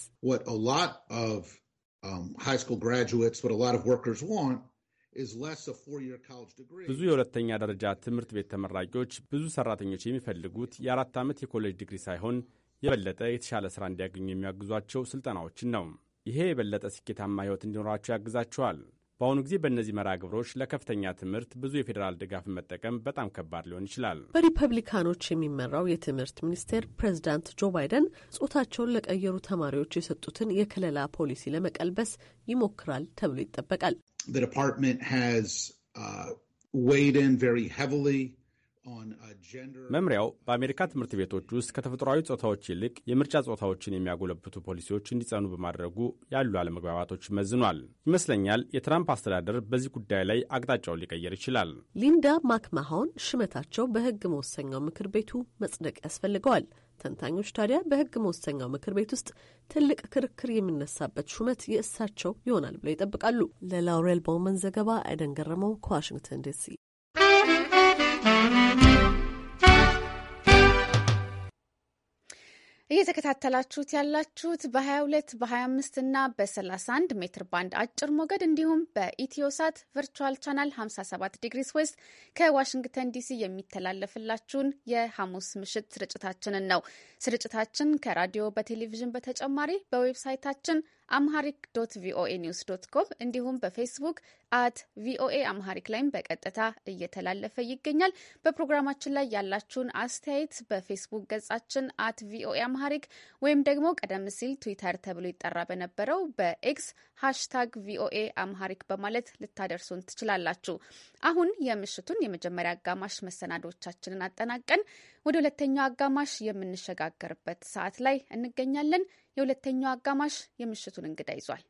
ብዙ የሁለተኛ ደረጃ ትምህርት ቤት ተመራቂዎች ብዙ ሰራተኞች የሚፈልጉት የአራት ዓመት የኮሌጅ ዲግሪ ሳይሆን የበለጠ የተሻለ ሥራ እንዲያገኙ የሚያግዟቸው ሥልጠናዎችን ነው። ይሄ የበለጠ ስኬታማ ሕይወት እንዲኖራቸው ያግዛቸዋል። በአሁኑ ጊዜ በእነዚህ መርሃ ግብሮች ለከፍተኛ ትምህርት ብዙ የፌዴራል ድጋፍን መጠቀም በጣም ከባድ ሊሆን ይችላል። በሪፐብሊካኖች የሚመራው የትምህርት ሚኒስቴር ፕሬዚዳንት ጆ ባይደን ጾታቸውን ለቀየሩ ተማሪዎች የሰጡትን የከለላ ፖሊሲ ለመቀልበስ ይሞክራል ተብሎ ይጠበቃል። መምሪያው በአሜሪካ ትምህርት ቤቶች ውስጥ ከተፈጥሯዊ ጾታዎች ይልቅ የምርጫ ጾታዎችን የሚያጎለብቱ ፖሊሲዎች እንዲጸኑ በማድረጉ ያሉ አለመግባባቶች መዝኗል። ይመስለኛል የትራምፕ አስተዳደር በዚህ ጉዳይ ላይ አቅጣጫውን ሊቀየር ይችላል። ሊንዳ ማክማሆን ሽመታቸው በሕግ መወሰኛው ምክር ቤቱ መጽደቅ ያስፈልገዋል። ተንታኞች ታዲያ በሕግ መወሰኛው ምክር ቤት ውስጥ ትልቅ ክርክር የሚነሳበት ሹመት የእሳቸው ይሆናል ብለው ይጠብቃሉ። ለላውሬል ቦመን ዘገባ አይደን ገረመው ከዋሽንግተን ዲሲ እየተከታተላችሁት ያላችሁት በ22 በ25 እና በ31 ሜትር ባንድ አጭር ሞገድ እንዲሁም በኢትዮሳት ቨርቹዋል ቻናል 57 ዲግሪስ ዌስት ከዋሽንግተን ዲሲ የሚተላለፍላችሁን የሐሙስ ምሽት ስርጭታችንን ነው። ስርጭታችን ከራዲዮ በቴሌቪዥን በተጨማሪ በዌብሳይታችን አምሃሪክ ዶት ቪኦኤ ኒውስ ዶት ኮም እንዲሁም በፌስቡክ አት ቪኦኤ አምሃሪክ ላይም በቀጥታ እየተላለፈ ይገኛል። በፕሮግራማችን ላይ ያላችሁን አስተያየት በፌስቡክ ገጻችን አት ቪኦኤ አምሃሪክ ወይም ደግሞ ቀደም ሲል ትዊተር ተብሎ ይጠራ በነበረው በኤክስ ሃሽታግ ቪኦኤ አምሃሪክ በማለት ልታደርሱን ትችላላችሁ። አሁን የምሽቱን የመጀመሪያ አጋማሽ መሰናዶቻችንን አጠናቀን ወደ ሁለተኛው አጋማሽ የምንሸጋገርበት ሰዓት ላይ እንገኛለን። የሁለተኛው አጋማሽ የምሽቱን እንግዳ ይዟል።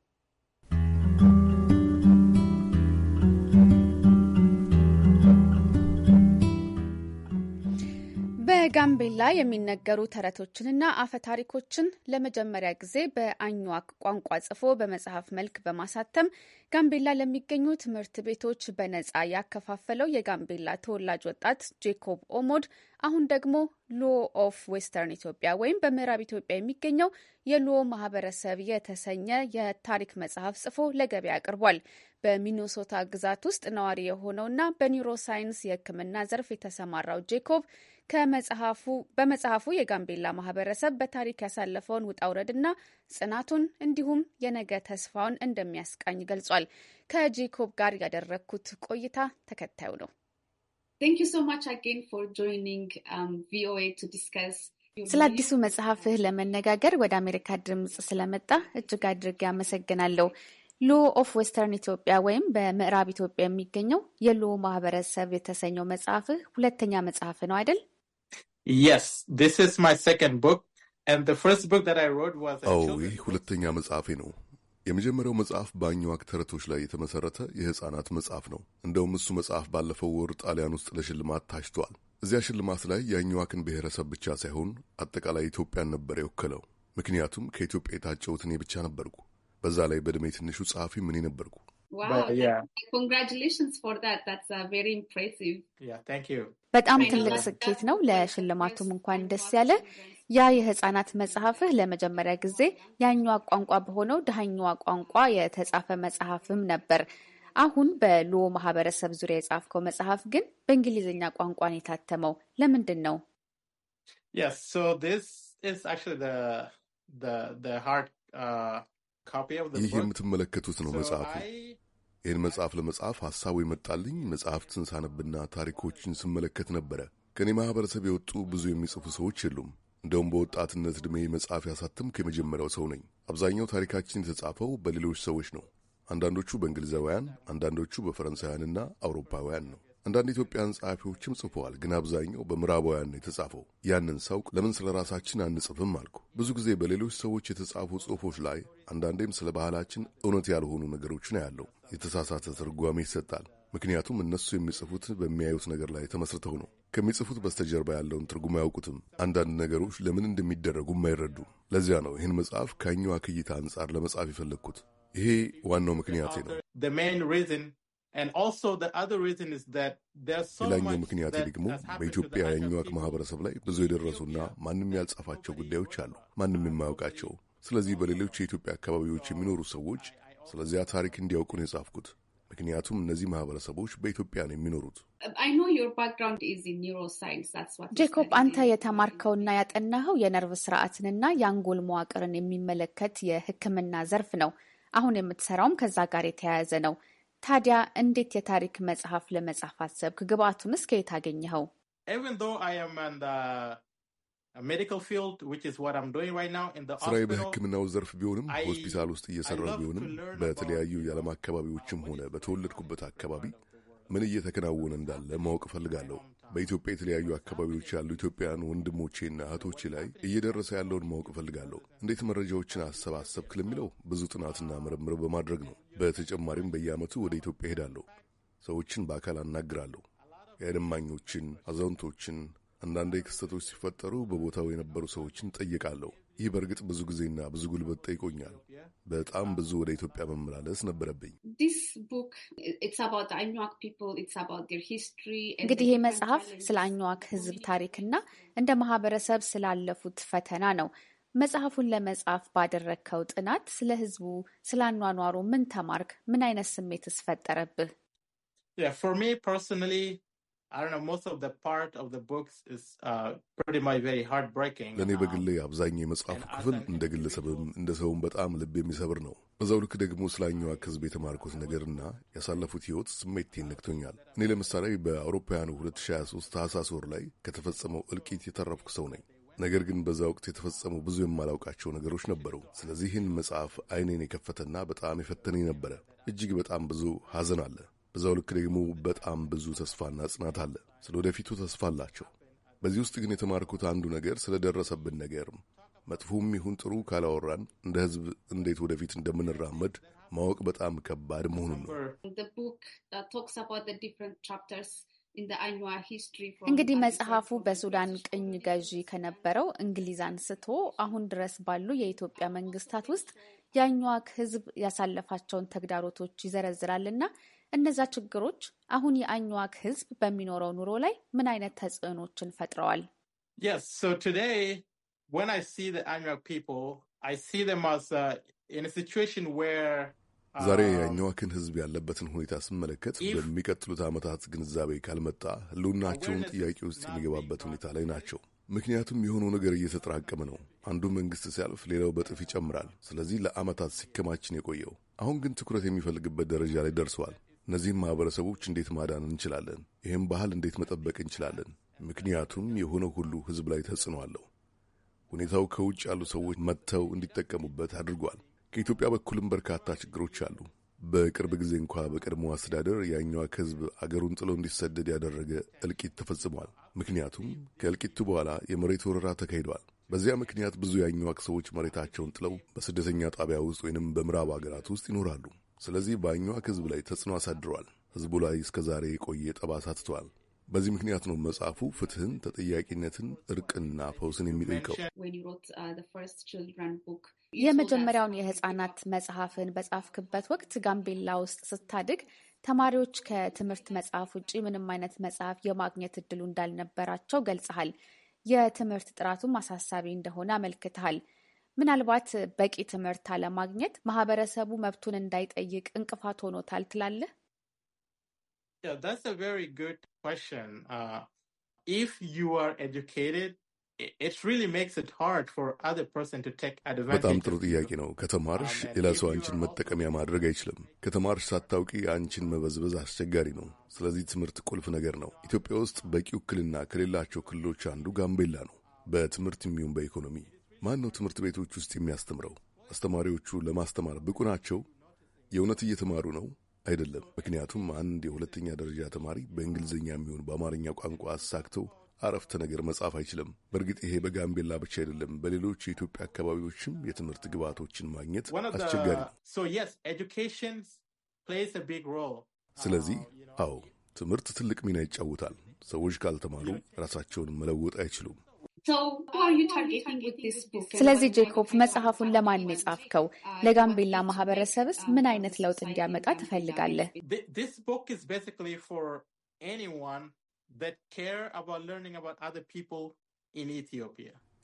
በጋምቤላ የሚነገሩ ተረቶችንና አፈ ታሪኮችን ለመጀመሪያ ጊዜ በአኟክ ቋንቋ ጽፎ በመጽሐፍ መልክ በማሳተም ጋምቤላ ለሚገኙ ትምህርት ቤቶች በነጻ ያከፋፈለው የጋምቤላ ተወላጅ ወጣት ጄኮብ ኦሞድ አሁን ደግሞ ሎ ኦፍ ዌስተርን ኢትዮጵያ ወይም በምዕራብ ኢትዮጵያ የሚገኘው የሎ ማህበረሰብ የተሰኘ የታሪክ መጽሐፍ ጽፎ ለገበያ አቅርቧል። በሚኒሶታ ግዛት ውስጥ ነዋሪ የሆነውና በኒውሮሳይንስ የሕክምና ዘርፍ የተሰማራው ጄኮብ ከመጽሐፉ በመጽሐፉ የጋምቤላ ማህበረሰብ በታሪክ ያሳለፈውን ውጣውረድና ጽናቱን እንዲሁም የነገ ተስፋውን እንደሚያስቃኝ ገልጿል። ከጄኮብ ጋር ያደረግኩት ቆይታ ተከታዩ ነው። um, ስለ አዲሱ መጽሐፍህ ለመነጋገር ወደ አሜሪካ ድምፅ ስለመጣ እጅግ አድርጌ አመሰግናለሁ። ሎ ኦፍ ዌስተርን ኢትዮጵያ ወይም በምዕራብ ኢትዮጵያ የሚገኘው የሎ ማህበረሰብ የተሰኘው መጽሐፍህ ሁለተኛ መጽሐፍ ነው አይደል? Yes, this is my second book. And the first book that I wrote was አዎ oh, ይህ ሁለተኛ መጽሐፌ ነው። የመጀመሪያው መጽሐፍ በአኝዋክ ተረቶች ላይ የተመሰረተ የህፃናት መጽሐፍ ነው። እንደውም እሱ መጽሐፍ ባለፈው ወር ጣሊያን ውስጥ ለሽልማት ታጭቷል። እዚያ ሽልማት ላይ የአኝዋክን ብሔረሰብ ብቻ ሳይሆን አጠቃላይ ኢትዮጵያን ነበር የወከለው። ምክንያቱም ከኢትዮጵያ የታጨሁት እኔ ብቻ ነበርኩ። በዛ ላይ በእድሜ ትንሹ ጸሐፊ ምን ነበርኩ። Wow, but, yeah. በጣም ትልቅ ስኬት ነው። ለሽልማቱም እንኳን ደስ ያለ። ያ የህፃናት መጽሐፍህ ለመጀመሪያ ጊዜ ያኛዋ ቋንቋ በሆነው ዳኛዋ ቋንቋ የተጻፈ መጽሐፍም ነበር። አሁን በሎ ማህበረሰብ ዙሪያ የጻፍከው መጽሐፍ ግን በእንግሊዝኛ ቋንቋን የታተመው ለምንድን ነው? Uh, ይህ የምትመለከቱት ነው መጽሐፉ ይህን መጽሐፍ ለመጻፍ ሐሳቡ ይመጣልኝ መጽሐፍትን ሳነብና ታሪኮችን ስመለከት ነበረ። ከእኔ ማኅበረሰብ የወጡ ብዙ የሚጽፉ ሰዎች የሉም። እንደውም በወጣትነት ዕድሜ መጽሐፍ ያሳተምኩ የመጀመሪያው ሰው ነኝ። አብዛኛው ታሪካችን የተጻፈው በሌሎች ሰዎች ነው። አንዳንዶቹ በእንግሊዛውያን፣ አንዳንዶቹ በፈረንሳውያንና አውሮፓውያን ነው። አንዳንድ ኢትዮጵያውያን ጸሐፊዎችም ጽፈዋል፣ ግን አብዛኛው በምዕራባውያን ነው የተጻፈው። ያንን ሳውቅ ለምን ስለ ራሳችን አንጽፍም አልኩ። ብዙ ጊዜ በሌሎች ሰዎች የተጻፉ ጽሑፎች ላይ አንዳንዴም ስለ ባህላችን እውነት ያልሆኑ ነገሮችን ያለው የተሳሳተ ትርጓሜ ይሰጣል። ምክንያቱም እነሱ የሚጽፉት በሚያዩት ነገር ላይ ተመስርተው ነው። ከሚጽፉት በስተጀርባ ያለውን ትርጉም አያውቁትም። አንዳንድ ነገሮች ለምን እንደሚደረጉም አይረዱም። ለዚያ ነው ይህን መጽሐፍ ከኛዋ ክይታ አንጻር ለመጻፍ የፈለግኩት። ይሄ ዋናው ምክንያቴ ነው። ሌላኛው ምክንያቴ ደግሞ በኢትዮጵያ የኛዋክ ማህበረሰብ ላይ ብዙ የደረሱና ማንም ያልጻፋቸው ጉዳዮች አሉ፣ ማንም የማያውቃቸው። ስለዚህ በሌሎች የኢትዮጵያ አካባቢዎች የሚኖሩ ሰዎች ስለዚያ ታሪክ እንዲያውቁን የጻፍኩት። ምክንያቱም እነዚህ ማህበረሰቦች በኢትዮጵያ ነው የሚኖሩት። ጄኮብ፣ አንተ የተማርከውና ያጠናኸው የነርቭ ስርዓትንና የአንጎል መዋቅርን የሚመለከት የሕክምና ዘርፍ ነው። አሁን የምትሰራውም ከዛ ጋር የተያያዘ ነው። ታዲያ እንዴት የታሪክ መጽሐፍ ለመጻፍ አሰብክ? ግብአቱንስ ከየት አገኘኸው? ስራ በሕክምናው ዘርፍ ቢሆንም ሆስፒታል ውስጥ እየሰራ ቢሆንም በተለያዩ የዓለም አካባቢዎችም ሆነ በተወለድኩበት አካባቢ ምን እየተከናወነ እንዳለ ማወቅ እፈልጋለሁ። በኢትዮጵያ የተለያዩ አካባቢዎች ያሉ ኢትዮጵያውያን ወንድሞቼና እህቶቼ ላይ እየደረሰ ያለውን ማወቅ እፈልጋለሁ። እንዴት መረጃዎችን አሰባሰብክ ለሚለው ብዙ ጥናትና ምርምር በማድረግ ነው። በተጨማሪም በየዓመቱ ወደ ኢትዮጵያ እሄዳለሁ። ሰዎችን በአካል አናግራለሁ። የደማኞችን፣ አዛውንቶችን አንዳንዴ ክስተቶች ሲፈጠሩ በቦታው የነበሩ ሰዎችን ጠይቃለሁ። ይህ በእርግጥ ብዙ ጊዜና ብዙ ጉልበት ጠይቆኛል። በጣም ብዙ ወደ ኢትዮጵያ መመላለስ ነበረብኝ። እንግዲህ ይህ መጽሐፍ ስለ አኝዋክ ሕዝብ ታሪክና እንደ ማህበረሰብ ስላለፉት ፈተና ነው። መጽሐፉን ለመጻፍ ባደረግከው ጥናት ስለ ሕዝቡ ስለ አኗኗሩ ምን ተማርክ? ምን አይነት ስሜት ስፈጠረብህ? ለእኔ በግሌ አብዛኛው የመጽሐፉ ክፍል እንደ ግለሰብም እንደ ሰውም በጣም ልብ የሚሰብር ነው። በዛው ልክ ደግሞ ስላኛዋ ሕዝብ የተማርኩት ነገርና ያሳለፉት ህይወት ስሜቴን ነክቶኛል። እኔ ለምሳሌ በአውሮፓውያኑ 2023 ታህሳስ ወር ላይ ከተፈጸመው እልቂት የተረፍኩ ሰው ነኝ። ነገር ግን በዛ ወቅት የተፈጸሙ ብዙ የማላውቃቸው ነገሮች ነበሩ። ስለዚህ ይህን መጽሐፍ አይኔን የከፈተና በጣም የፈተነኝ ነበረ። እጅግ በጣም ብዙ ሀዘን አለ። በዛው ልክ ደግሞ በጣም ብዙ ተስፋና ጽናት አለ። ስለ ወደፊቱ ተስፋ አላቸው። በዚህ ውስጥ ግን የተማርኩት አንዱ ነገር ስለደረሰብን ነገር መጥፎም ይሁን ጥሩ ካላወራን እንደ ሕዝብ እንዴት ወደፊት እንደምንራመድ ማወቅ በጣም ከባድ መሆኑን ነው። እንግዲህ መጽሐፉ በሱዳን ቅኝ ገዢ ከነበረው እንግሊዝ አንስቶ አሁን ድረስ ባሉ የኢትዮጵያ መንግስታት ውስጥ የአኟዋክ ህዝብ ያሳለፋቸውን ተግዳሮቶች ይዘረዝራልና እነዛ ችግሮች አሁን የአኝዋክ ህዝብ በሚኖረው ኑሮ ላይ ምን አይነት ተጽዕኖችን ፈጥረዋል? Uh, uh, ዛሬ የአኝዋክን ህዝብ ያለበትን ሁኔታ ስመለከት በሚቀጥሉት ዓመታት ግንዛቤ ካልመጣ ህልውናቸውን ጥያቄ ውስጥ የሚገባበት ሁኔታ ላይ ናቸው። ምክንያቱም የሆነው ነገር እየተጠራቀመ ነው። አንዱ መንግስት ሲያልፍ ሌላው በጥፍ ይጨምራል። ስለዚህ ለዓመታት ሲከማችን የቆየው አሁን ግን ትኩረት የሚፈልግበት ደረጃ ላይ ደርሰዋል። እነዚህን ማህበረሰቦች እንዴት ማዳን እንችላለን? ይህም ባህል እንዴት መጠበቅ እንችላለን? ምክንያቱም የሆነ ሁሉ ህዝብ ላይ ተጽዕኖ አለው። ሁኔታው ከውጭ ያሉ ሰዎች መጥተው እንዲጠቀሙበት አድርጓል። ከኢትዮጵያ በኩልም በርካታ ችግሮች አሉ። በቅርብ ጊዜ እንኳ በቀድሞ አስተዳደር ያኛዋ ህዝብ አገሩን ጥሎ እንዲሰደድ ያደረገ እልቂት ተፈጽሟል። ምክንያቱም ከእልቂቱ በኋላ የመሬት ወረራ ተካሂዷል። በዚያ ምክንያት ብዙ ያኛዋ ሰዎች መሬታቸውን ጥለው በስደተኛ ጣቢያ ውስጥ ወይንም በምዕራብ አገራት ውስጥ ይኖራሉ። ስለዚህ በአኟዋክ ህዝብ ላይ ተጽዕኖ አሳድሯል። ህዝቡ ላይ እስከ ዛሬ የቆየ ጠባሳ ትተዋል። በዚህ ምክንያት ነው መጽሐፉ ፍትህን፣ ተጠያቂነትን፣ እርቅና ፈውስን የሚጠይቀው። የመጀመሪያውን የህፃናት መጽሐፍን በጻፍክበት ወቅት ጋምቤላ ውስጥ ስታድግ ተማሪዎች ከትምህርት መጽሐፍ ውጭ ምንም አይነት መጽሐፍ የማግኘት እድሉ እንዳልነበራቸው ገልጸሃል። የትምህርት ጥራቱም አሳሳቢ እንደሆነ አመልክተሃል። ምናልባት በቂ ትምህርት አለማግኘት ማህበረሰቡ መብቱን እንዳይጠይቅ እንቅፋት ሆኖታል ትላለህ? Uh, በጣም ጥሩ ጥያቄ ነው። ከተማርሽ um, ሌላ ሰው አንቺን መጠቀሚያ ማድረግ አይችልም። ከተማርሽ ሳታውቂ አንቺን መበዝበዝ አስቸጋሪ ነው። ስለዚህ ትምህርት ቁልፍ ነገር ነው። ኢትዮጵያ ውስጥ በቂ ውክልና ከሌላቸው ክልሎች አንዱ ጋምቤላ ነው። በትምህርት የሚሆን በኢኮኖሚ ማን ነው ትምህርት ቤቶች ውስጥ የሚያስተምረው? አስተማሪዎቹ ለማስተማር ብቁ ናቸው? የእውነት እየተማሩ ነው አይደለም? ምክንያቱም አንድ የሁለተኛ ደረጃ ተማሪ በእንግሊዝኛ የሚሆን በአማርኛ ቋንቋ አሳክተው አረፍተ ነገር መጻፍ አይችልም። በእርግጥ ይሄ በጋምቤላ ብቻ አይደለም፣ በሌሎች የኢትዮጵያ አካባቢዎችም የትምህርት ግብዓቶችን ማግኘት አስቸጋሪ ስለዚህ አዎ ትምህርት ትልቅ ሚና ይጫወታል። ሰዎች ካልተማሩ ራሳቸውን መለወጥ አይችሉም። ስለዚህ ጄኮብ መጽሐፉን ለማን የጻፍከው? Uh, ለጋምቤላ ማህበረሰብስ uh, ምን አይነት ለውጥ እንዲያመጣ ትፈልጋለህ?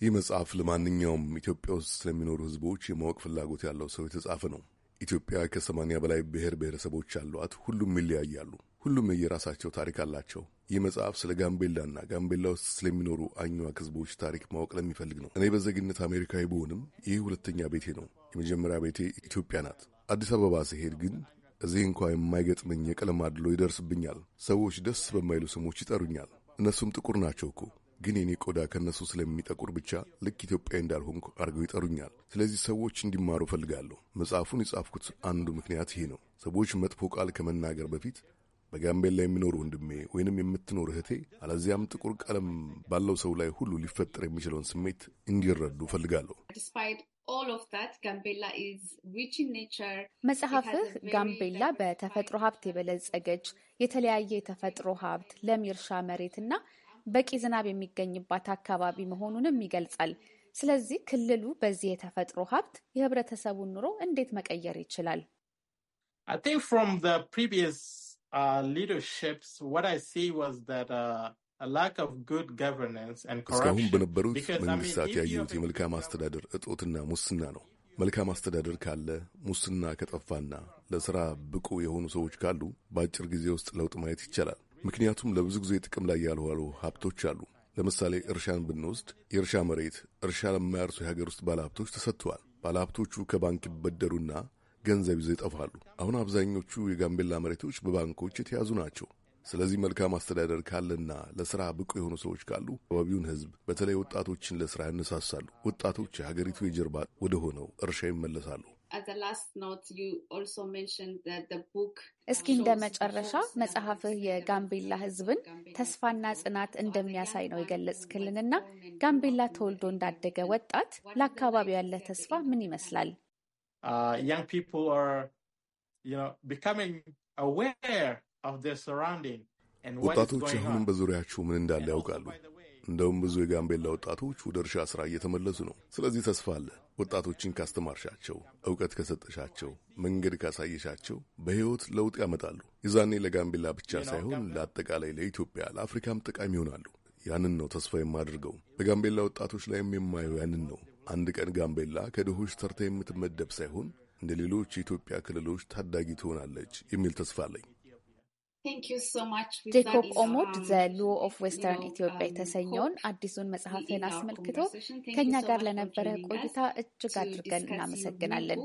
ይህ መጽሐፍ ለማንኛውም ኢትዮጵያ ውስጥ ስለሚኖሩ ህዝቦች የማወቅ ፍላጎት ያለው ሰው የተጻፈ ነው። ኢትዮጵያ ከሰማንያ በላይ ብሔር ብሔረሰቦች አሏት። ሁሉም ይለያያሉ። ሁሉም የየራሳቸው ታሪክ አላቸው። ይህ መጽሐፍ ስለ ጋምቤላና ጋምቤላ ውስጥ ስለሚኖሩ አኝዋክ ሕዝቦች ታሪክ ማወቅ ለሚፈልግ ነው። እኔ በዜግነት አሜሪካዊ ብሆንም ይህ ሁለተኛ ቤቴ ነው። የመጀመሪያ ቤቴ ኢትዮጵያ ናት። አዲስ አበባ ስሄድ ግን እዚህ እንኳ የማይገጥመኝ የቀለም አድሎ ይደርስብኛል። ሰዎች ደስ በማይሉ ስሞች ይጠሩኛል። እነሱም ጥቁር ናቸው እኮ ግን የኔ ቆዳ ከእነሱ ስለሚጠቁር ብቻ ልክ ኢትዮጵያዊ እንዳልሆንኩ አድርገው ይጠሩኛል። ስለዚህ ሰዎች እንዲማሩ እፈልጋለሁ። መጽሐፉን የጻፍኩት አንዱ ምክንያት ይሄ ነው። ሰዎች መጥፎ ቃል ከመናገር በፊት በጋምቤላ የሚኖር ወንድሜ ወይንም የምትኖር እህቴ አለዚያም ጥቁር ቀለም ባለው ሰው ላይ ሁሉ ሊፈጠር የሚችለውን ስሜት እንዲረዱ እፈልጋለሁ። መጽሐፍህ ጋምቤላ በተፈጥሮ ሀብት የበለጸገች የተለያየ የተፈጥሮ ሀብት ለም እርሻ መሬትና በቂ ዝናብ የሚገኝባት አካባቢ መሆኑንም ይገልጻል። ስለዚህ ክልሉ በዚህ የተፈጥሮ ሀብት የህብረተሰቡን ኑሮ እንዴት መቀየር ይችላል? uh, leaderships, what እስካሁን በነበሩት መንግስታት ያየሁት የመልካም አስተዳደር እጦትና ሙስና ነው። መልካም አስተዳደር ካለ፣ ሙስና ከጠፋና ለሥራ ብቁ የሆኑ ሰዎች ካሉ በአጭር ጊዜ ውስጥ ለውጥ ማየት ይቻላል። ምክንያቱም ለብዙ ጊዜ ጥቅም ላይ ያልዋሉ ሀብቶች አሉ። ለምሳሌ እርሻን ብንወስድ የእርሻ መሬት እርሻ ለማያርሱ የሀገር ውስጥ ባለሀብቶች ተሰጥተዋል። ባለሀብቶቹ ከባንክ ይበደሩና ገንዘብ ይዘው ይጠፋሉ። አሁን አብዛኞቹ የጋምቤላ መሬቶች በባንኮች የተያዙ ናቸው። ስለዚህ መልካም አስተዳደር ካለና ለስራ ብቁ የሆኑ ሰዎች ካሉ አካባቢውን ሕዝብ በተለይ ወጣቶችን ለስራ ያነሳሳሉ። ወጣቶች የሀገሪቱ የጀርባ ወደ ሆነው እርሻ ይመለሳሉ። እስኪ እንደ መጨረሻ መጽሐፍህ የጋምቤላ ህዝብን ተስፋና ጽናት እንደሚያሳይ ነው የገለጽክልንና ጋምቤላ ተወልዶ እንዳደገ ወጣት ለአካባቢው ያለ ተስፋ ምን ይመስላል? uh, young people are, you know, becoming aware of their surrounding. ወጣቶች አሁንም በዙሪያቸው ምን እንዳለ ያውቃሉ። እንደውም ብዙ የጋምቤላ ወጣቶች ወደ እርሻ ስራ እየተመለሱ ነው። ስለዚህ ተስፋ አለ። ወጣቶችን ካስተማርሻቸው፣ እውቀት ከሰጠሻቸው፣ መንገድ ካሳየሻቸው በሕይወት ለውጥ ያመጣሉ። የዛኔ ለጋምቤላ ብቻ ሳይሆን ለአጠቃላይ ለኢትዮጵያ፣ ለአፍሪካም ጠቃሚ ይሆናሉ። ያንን ነው ተስፋ የማደርገው። በጋምቤላ ወጣቶች ላይም የማየው ያንን ነው። አንድ ቀን ጋምቤላ ከድሆች ተርታ የምትመደብ ሳይሆን እንደ ሌሎች የኢትዮጵያ ክልሎች ታዳጊ ትሆናለች የሚል ተስፋ አለኝ። ጄኮብ ኦሞድ ዘ ሉኦ ኦፍ ዌስተርን ኢትዮጵያ የተሰኘውን አዲሱን መጽሐፍን አስመልክቶ ከኛ ጋር ለነበረ ቆይታ እጅግ አድርገን እናመሰግናለን።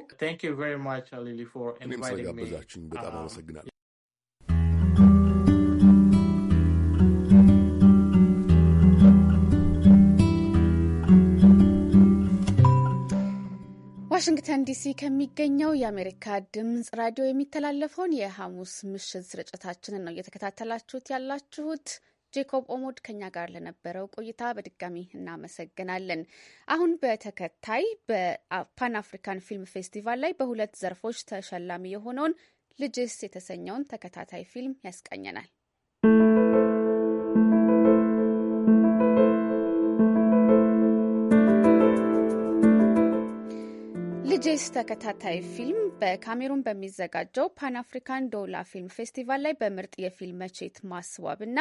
እኔም ስለጋበዛችሁኝ በጣም uh, አመሰግናለሁ። ዋሽንግተን ዲሲ ከሚገኘው የአሜሪካ ድምጽ ራዲዮ የሚተላለፈውን የሐሙስ ምሽት ስርጭታችንን ነው እየተከታተላችሁት ያላችሁት። ጄኮብ ኦሞድ ከኛ ጋር ለነበረው ቆይታ በድጋሚ እናመሰግናለን። አሁን በተከታይ በፓን አፍሪካን ፊልም ፌስቲቫል ላይ በሁለት ዘርፎች ተሸላሚ የሆነውን ልጅስ የተሰኘውን ተከታታይ ፊልም ያስቃኘናል። የጄስ ተከታታይ ፊልም በካሜሩን በሚዘጋጀው ፓን አፍሪካን ዶላ ፊልም ፌስቲቫል ላይ በምርጥ የፊልም መቼት ማስዋብና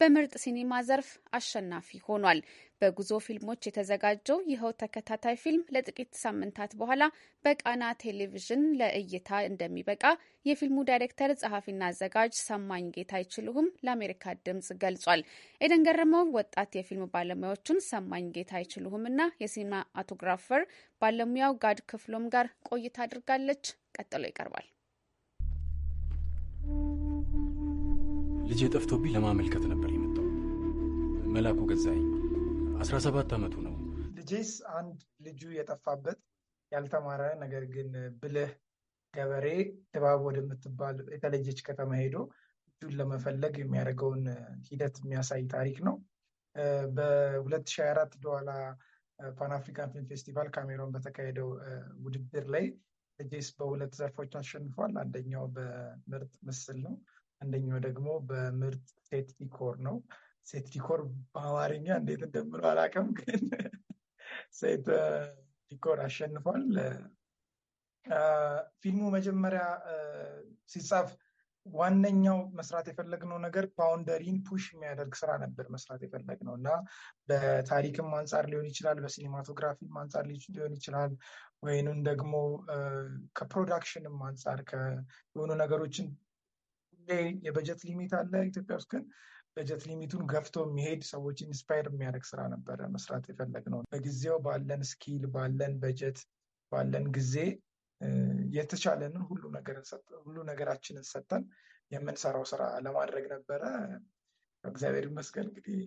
በምርጥ ሲኒማ ዘርፍ አሸናፊ ሆኗል። በጉዞ ፊልሞች የተዘጋጀው ይኸው ተከታታይ ፊልም ለጥቂት ሳምንታት በኋላ በቃና ቴሌቪዥን ለእይታ እንደሚበቃ የፊልሙ ዳይሬክተር ጸሐፊና አዘጋጅ ሰማኝ ጌታ አይችልሁም ለአሜሪካ ድምጽ ገልጿል። ኤደን ገረመው ወጣት የፊልም ባለሙያዎቹን ሰማኝ ጌታ አይችልሁም እና የሲኒማቶግራፈር ባለሙያው ጋድ ክፍሎም ጋር ቆይታ አድርጋለች። ቀጥሎ ይቀርባል። ልጄ ጠፍቶብኝ ለማመልከት ነበር የመጣው መላኩ ገዛኝ 17 ዓመቱ ነው። ልጄስ አንድ ልጁ የጠፋበት ያልተማረ ነገር ግን ብልህ ገበሬ ድባብ ወደምትባል የተለየች ከተማ ሄዶ ልጁን ለመፈለግ የሚያደርገውን ሂደት የሚያሳይ ታሪክ ነው። በ2024 በኋላ ፓን አፍሪካን ፊልም ፌስቲቫል ካሜሮን በተካሄደው ውድድር ላይ ልጄስ በሁለት ዘርፎች አሸንፏል። አንደኛው በምርጥ ምስል ነው። አንደኛው ደግሞ በምርጥ ሴት ኢኮር ነው። ሴት ዲኮር በአማርኛ እንዴት እንደምለው አላውቅም፣ ግን ሴት ዲኮር አሸንፏል። ፊልሙ መጀመሪያ ሲጻፍ ዋነኛው መስራት የፈለግነው ነገር ባውንደሪን ፑሽ የሚያደርግ ስራ ነበር መስራት የፈለግነው እና በታሪክም አንጻር ሊሆን ይችላል፣ በሲኒማቶግራፊም አንጻር ሊሆን ይችላል፣ ወይንም ደግሞ ከፕሮዳክሽንም አንጻር የሆኑ ነገሮችን የበጀት ሊሚት አለ ኢትዮጵያ ውስጥ ግን በጀት ሊሚቱን ገፍቶ የሚሄድ ሰዎችን ኢንስፓየር የሚያደርግ ስራ ነበረ መስራት የፈለግነው። በጊዜው ባለን ስኪል፣ ባለን በጀት፣ ባለን ጊዜ የተቻለንን ሁሉ ነገራችንን ሰጠን የምንሰራው ስራ ለማድረግ ነበረ። እግዚአብሔር ይመስገን እንግዲህ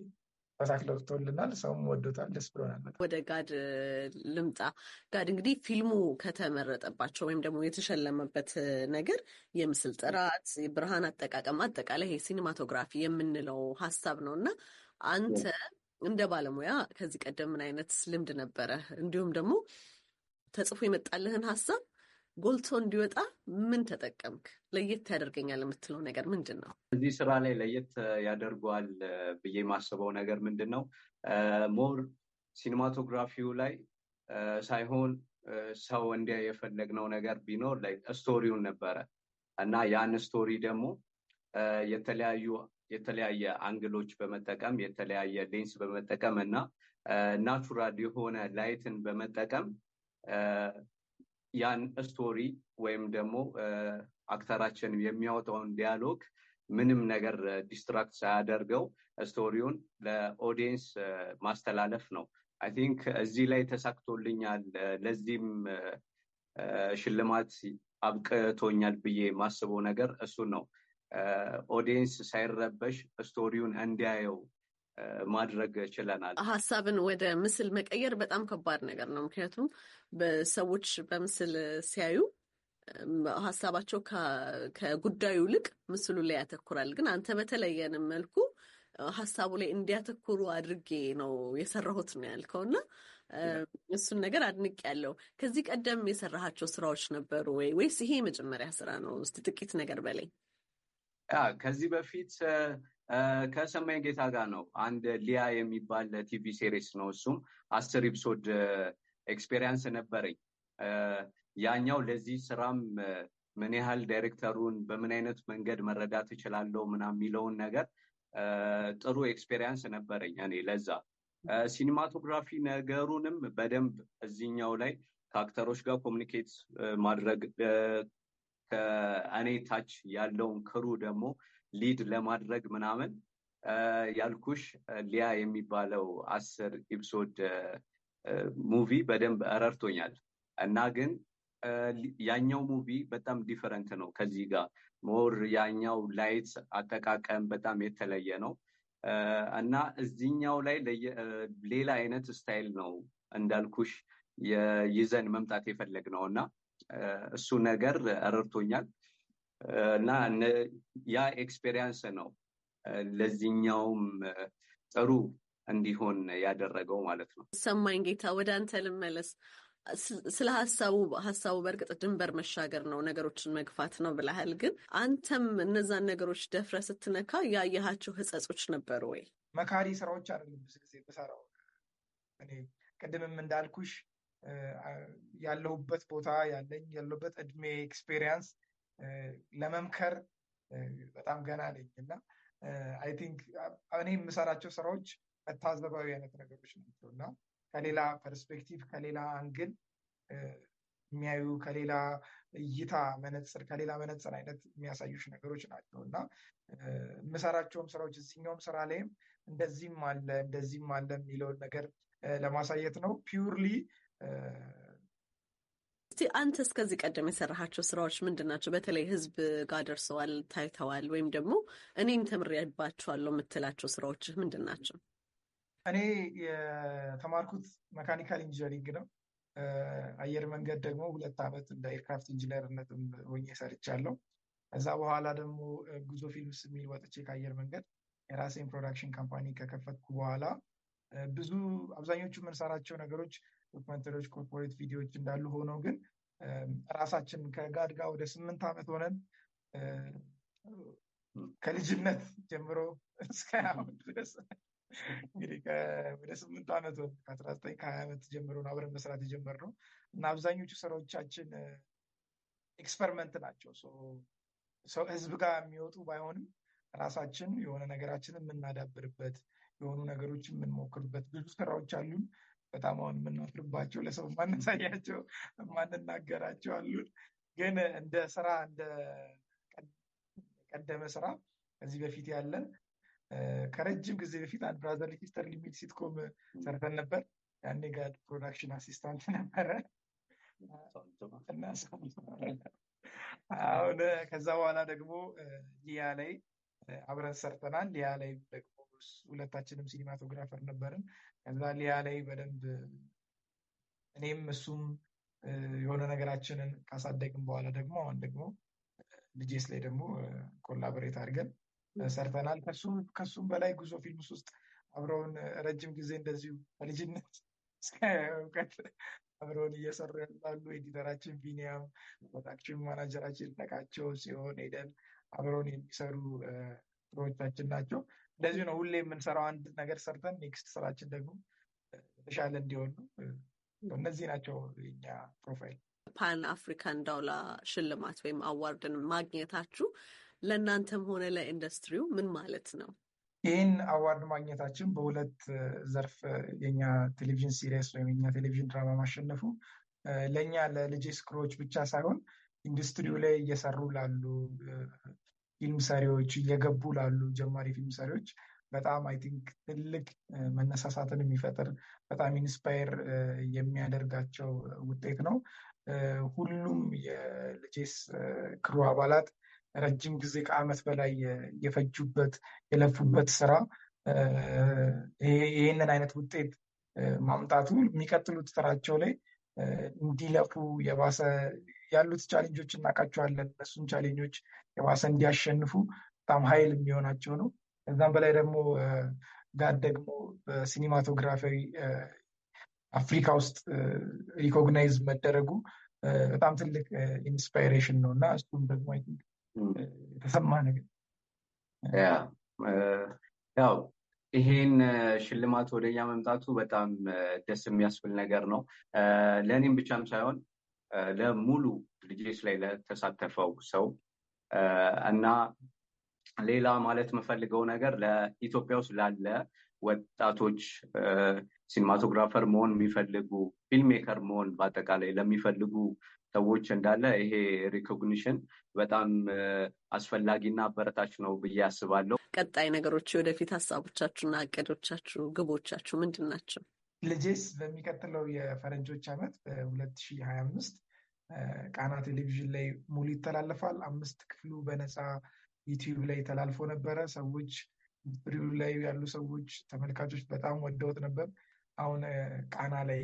ፈታክ ሰውም ወዶታል። ደስ ብሎናል። ወደ ጋድ ልምጣ። ጋድ እንግዲህ ፊልሙ ከተመረጠባቸው ወይም ደግሞ የተሸለመበት ነገር የምስል ጥራት፣ ብርሃን አጠቃቀም፣ አጠቃላይ ሲኒማቶግራፊ የምንለው ሀሳብ ነው እና አንተ እንደ ባለሙያ ከዚህ ቀደም ምን አይነት ልምድ ነበረ? እንዲሁም ደግሞ ተጽፎ የመጣልህን ሀሳብ ጎልቶ እንዲወጣ ምን ተጠቀምክ? ለየት ያደርገኛል የምትለው ነገር ምንድን ነው? እዚህ ስራ ላይ ለየት ያደርገዋል ብዬ የማስበው ነገር ምንድን ነው? ሞር ሲኒማቶግራፊው ላይ ሳይሆን ሰው እንዲያ የፈለግነው ነገር ቢኖር ስቶሪውን ነበረ እና ያን ስቶሪ ደግሞ የተለያዩ የተለያየ አንግሎች በመጠቀም የተለያየ ሌንስ በመጠቀም እና ናቹራል የሆነ ላይትን በመጠቀም ያን ስቶሪ ወይም ደግሞ አክተራችን የሚያወጣውን ዲያሎግ ምንም ነገር ዲስትራክት ሳያደርገው ስቶሪውን ለኦዲየንስ ማስተላለፍ ነው። አይ ቲንክ እዚህ ላይ ተሳክቶልኛል። ለዚህም ሽልማት አብቅቶኛል ብዬ የማስበው ነገር እሱ ነው። ኦዲየንስ ሳይረበሽ ስቶሪውን እንዲያየው ማድረግ ችለናል። ሀሳብን ወደ ምስል መቀየር በጣም ከባድ ነገር ነው። ምክንያቱም በሰዎች በምስል ሲያዩ ሀሳባቸው ከጉዳዩ ይልቅ ምስሉ ላይ ያተኩራል። ግን አንተ በተለየን መልኩ ሀሳቡ ላይ እንዲያተኩሩ አድርጌ ነው የሰራሁት ነው ያልከው እና እሱን ነገር አድንቅ ያለው። ከዚህ ቀደም የሰራሃቸው ስራዎች ነበሩ ወይ ወይስ ይሄ የመጀመሪያ ስራ ነው? እስቲ ጥቂት ነገር በላይ ከዚህ በፊት ከሰማይ ጌታ ጋር ነው። አንድ ሊያ የሚባል ቲቪ ሴሪስ ነው። እሱም አስር ኤፒሶድ ኤክስፔሪያንስ ነበረኝ። ያኛው ለዚህ ስራም ምን ያህል ዳይሬክተሩን በምን አይነት መንገድ መረዳት እችላለሁ ምናምን የሚለውን ነገር ጥሩ ኤክስፔሪያንስ ነበረኝ። እኔ ለዛ ሲኒማቶግራፊ ነገሩንም በደንብ እዚህኛው ላይ ከአክተሮች ጋር ኮሚኒኬት ማድረግ ከእኔ ታች ያለውን ክሩ ደግሞ ሊድ ለማድረግ ምናምን ያልኩሽ ሊያ የሚባለው አስር ኢፕሶድ ሙቪ በደንብ ረድቶኛል እና ግን ያኛው ሙቪ በጣም ዲፈረንት ነው ከዚህ ጋር ሞር ያኛው ላይት አጠቃቀም በጣም የተለየ ነው እና እዚኛው ላይ ሌላ አይነት ስታይል ነው እንዳልኩሽ ይዘን መምጣት የፈለግ ነው እና እሱ ነገር ረድቶኛል እና ያ ኤክስፔሪንስ ነው ለዚህኛውም ጥሩ እንዲሆን ያደረገው ማለት ነው። ሰማኝ ጌታ፣ ወደ አንተ ልመለስ። ስለ ሀሳቡ ሀሳቡ በእርግጥ ድንበር መሻገር ነው፣ ነገሮችን መግፋት ነው ብለሃል። ግን አንተም እነዛን ነገሮች ደፍረ ስትነካ ያየሃቸው ህጸጾች ነበሩ ወይ? መካሪ ስራዎች አይደለም ብዙ ጊዜ የምሰራው እኔ ቅድምም እንዳልኩሽ ያለሁበት ቦታ ያለኝ ያለሁበት እድሜ ኤክስፔሪንስ ለመምከር በጣም ገና ነኝ እና አይ ቲንክ እኔ የምሰራቸው ስራዎች መታዘባዊ አይነት ነገሮች ናቸው እና ከሌላ ፐርስፔክቲቭ ከሌላ አንግል የሚያዩ ከሌላ እይታ መነፅር ከሌላ መነፅር አይነት የሚያሳዩች ነገሮች ናቸው እና የምሰራቸውም ስራዎች እዚኛውም ስራ ላይም እንደዚህም አለ እንደዚህም አለ የሚለውን ነገር ለማሳየት ነው ፒውርሊ እስቲ አንተ እስከዚህ ቀደም የሰራሃቸው ስራዎች ምንድን ናቸው? በተለይ ህዝብ ጋር ደርሰዋል፣ ታይተዋል፣ ወይም ደግሞ እኔም ተምሬባቸዋለሁ የምትላቸው ስራዎች ምንድን ናቸው? እኔ የተማርኩት መካኒካል ኢንጂነሪንግ ነው። አየር መንገድ ደግሞ ሁለት ዓመት እንደ ኤርክራፍት ኢንጂነርነትም ሆኜ ሰርቻለሁ። እዛ በኋላ ደግሞ ጉዞ ፊልምስ የሚል ወጥቼ ከአየር መንገድ የራሴን ፕሮዳክሽን ካምፓኒ ከከፈትኩ በኋላ ብዙ አብዛኞቹ የምንሰራቸው ነገሮች ዶክመንተሪዎች፣ ኮርፖሬት ቪዲዮዎች እንዳሉ ሆነው ግን ራሳችን ከጋድ ጋር ወደ ስምንት ዓመት ሆነን ከልጅነት ጀምሮ እስከ አሁን ድረስ እንግዲህ ወደ ስምንት ዓመት ሆነ ከአስራ ዘጠኝ ከሀያ ዓመት ጀምሮ አብረን መስራት የጀመርነው እና አብዛኞቹ ስራዎቻችን ኤክስፐሪመንት ናቸው። ሰው ህዝብ ጋር የሚወጡ ባይሆንም ራሳችን የሆነ ነገራችን የምናዳብርበት የሆኑ ነገሮች የምንሞክርበት ብዙ ስራዎች አሉን። በጣም አሁን የምናፍርባቸው ለሰው ማናሳያቸው የማንናገራቸው አሉን። ግን እንደ ስራ እንደ ቀደመ ስራ ከዚህ በፊት ያለን ከረጅም ጊዜ በፊት አንድ ብራዘር ሊሲስተር ሊሚት ሲትኮም ሰርተን ነበር። ያኔ ጋር ፕሮዳክሽን አሲስታንት ነበረ አሁን ከዛ በኋላ ደግሞ ሊያ ላይ አብረን ሰርተናል። ሊያ ላይ ደግሞ ንጉስ ሁለታችንም ሲኒማቶግራፈር ነበርን። ከዛ ሊያ ላይ በደንብ እኔም እሱም የሆነ ነገራችንን ካሳደግን በኋላ ደግሞ አሁን ደግሞ ልጄስ ላይ ደግሞ ኮላቦሬት አድርገን ሰርተናል። ከሱም በላይ ጉዞ ፊልምስ ውስጥ አብረውን ረጅም ጊዜ እንደዚሁ በልጅነት እውቀት አብረውን እየሰሩ ያሉ ኤዲተራችን ቢኒያም፣ ወጣችን ማናጀራችን ለቃቸው ሲሆን ሄደን አብረውን የሚሰሩ ሮዎቻችን ናቸው። እንደዚሁ ነው ሁሌ የምንሰራው። አንድ ነገር ሰርተን ኔክስት ስራችን ደግሞ የተሻለ እንዲሆን ነው። እነዚህ ናቸው የኛ ፕሮፋይል። ፓን አፍሪካን ዳውላ ሽልማት ወይም አዋርድን ማግኘታችሁ ለእናንተም ሆነ ለኢንዱስትሪው ምን ማለት ነው? ይህን አዋርድ ማግኘታችን በሁለት ዘርፍ የኛ ቴሌቪዥን ሲሪስ ወይም የኛ ቴሌቪዥን ድራማ ማሸነፉ ለእኛ ለልጅ ስክሮች ብቻ ሳይሆን ኢንዱስትሪው ላይ እየሰሩ ላሉ ፊልም ሰሪዎች እየገቡ ላሉ ጀማሪ ፊልም ሰሪዎች በጣም አይ ቲንክ ትልቅ መነሳሳትን የሚፈጥር በጣም ኢንስፓየር የሚያደርጋቸው ውጤት ነው። ሁሉም የልጄስ ክሩ አባላት ረጅም ጊዜ ከዓመት በላይ የፈጁበት የለፉበት ስራ ይህንን አይነት ውጤት ማምጣቱ የሚቀጥሉት ስራቸው ላይ እንዲለፉ የባሰ ያሉት ቻሌንጆች እናውቃቸዋለን። እነሱን ቻሌንጆች የባሰ እንዲያሸንፉ በጣም ኃይል የሚሆናቸው ነው። ከዛም በላይ ደግሞ ጋር ደግሞ በሲኒማቶግራፊያዊ አፍሪካ ውስጥ ሪኮግናይዝ መደረጉ በጣም ትልቅ ኢንስፓይሬሽን ነው እና እሱም ደግሞ የተሰማ ነገር ያው ይሄን ሽልማት ወደኛ መምጣቱ በጣም ደስ የሚያስብል ነገር ነው። ለእኔም ብቻም ሳይሆን ለሙሉ ድርጅት ላይ ለተሳተፈው ሰው እና ሌላ ማለት የምፈልገው ነገር ለኢትዮጵያ ውስጥ ላለ ወጣቶች ሲኒማቶግራፈር መሆን የሚፈልጉ ፊልሜከር መሆን በአጠቃላይ ለሚፈልጉ ሰዎች እንዳለ ይሄ ሪኮግኒሽን በጣም አስፈላጊና አበረታች ነው ብዬ አስባለሁ። ቀጣይ ነገሮች፣ ወደፊት ሀሳቦቻችሁና እቅዶቻችሁ፣ ግቦቻችሁ ምንድን ናቸው? ልጄስ በሚቀጥለው የፈረንጆች ዓመት በ2025 ቃና ቴሌቪዥን ላይ ሙሉ ይተላለፋል። አምስት ክፍሉ በነፃ ዩቲዩብ ላይ ተላልፎ ነበረ። ሰዎች ሪሉ ላይ ያሉ ሰዎች ተመልካቾች በጣም ወደውት ነበር። አሁን ቃና ላይ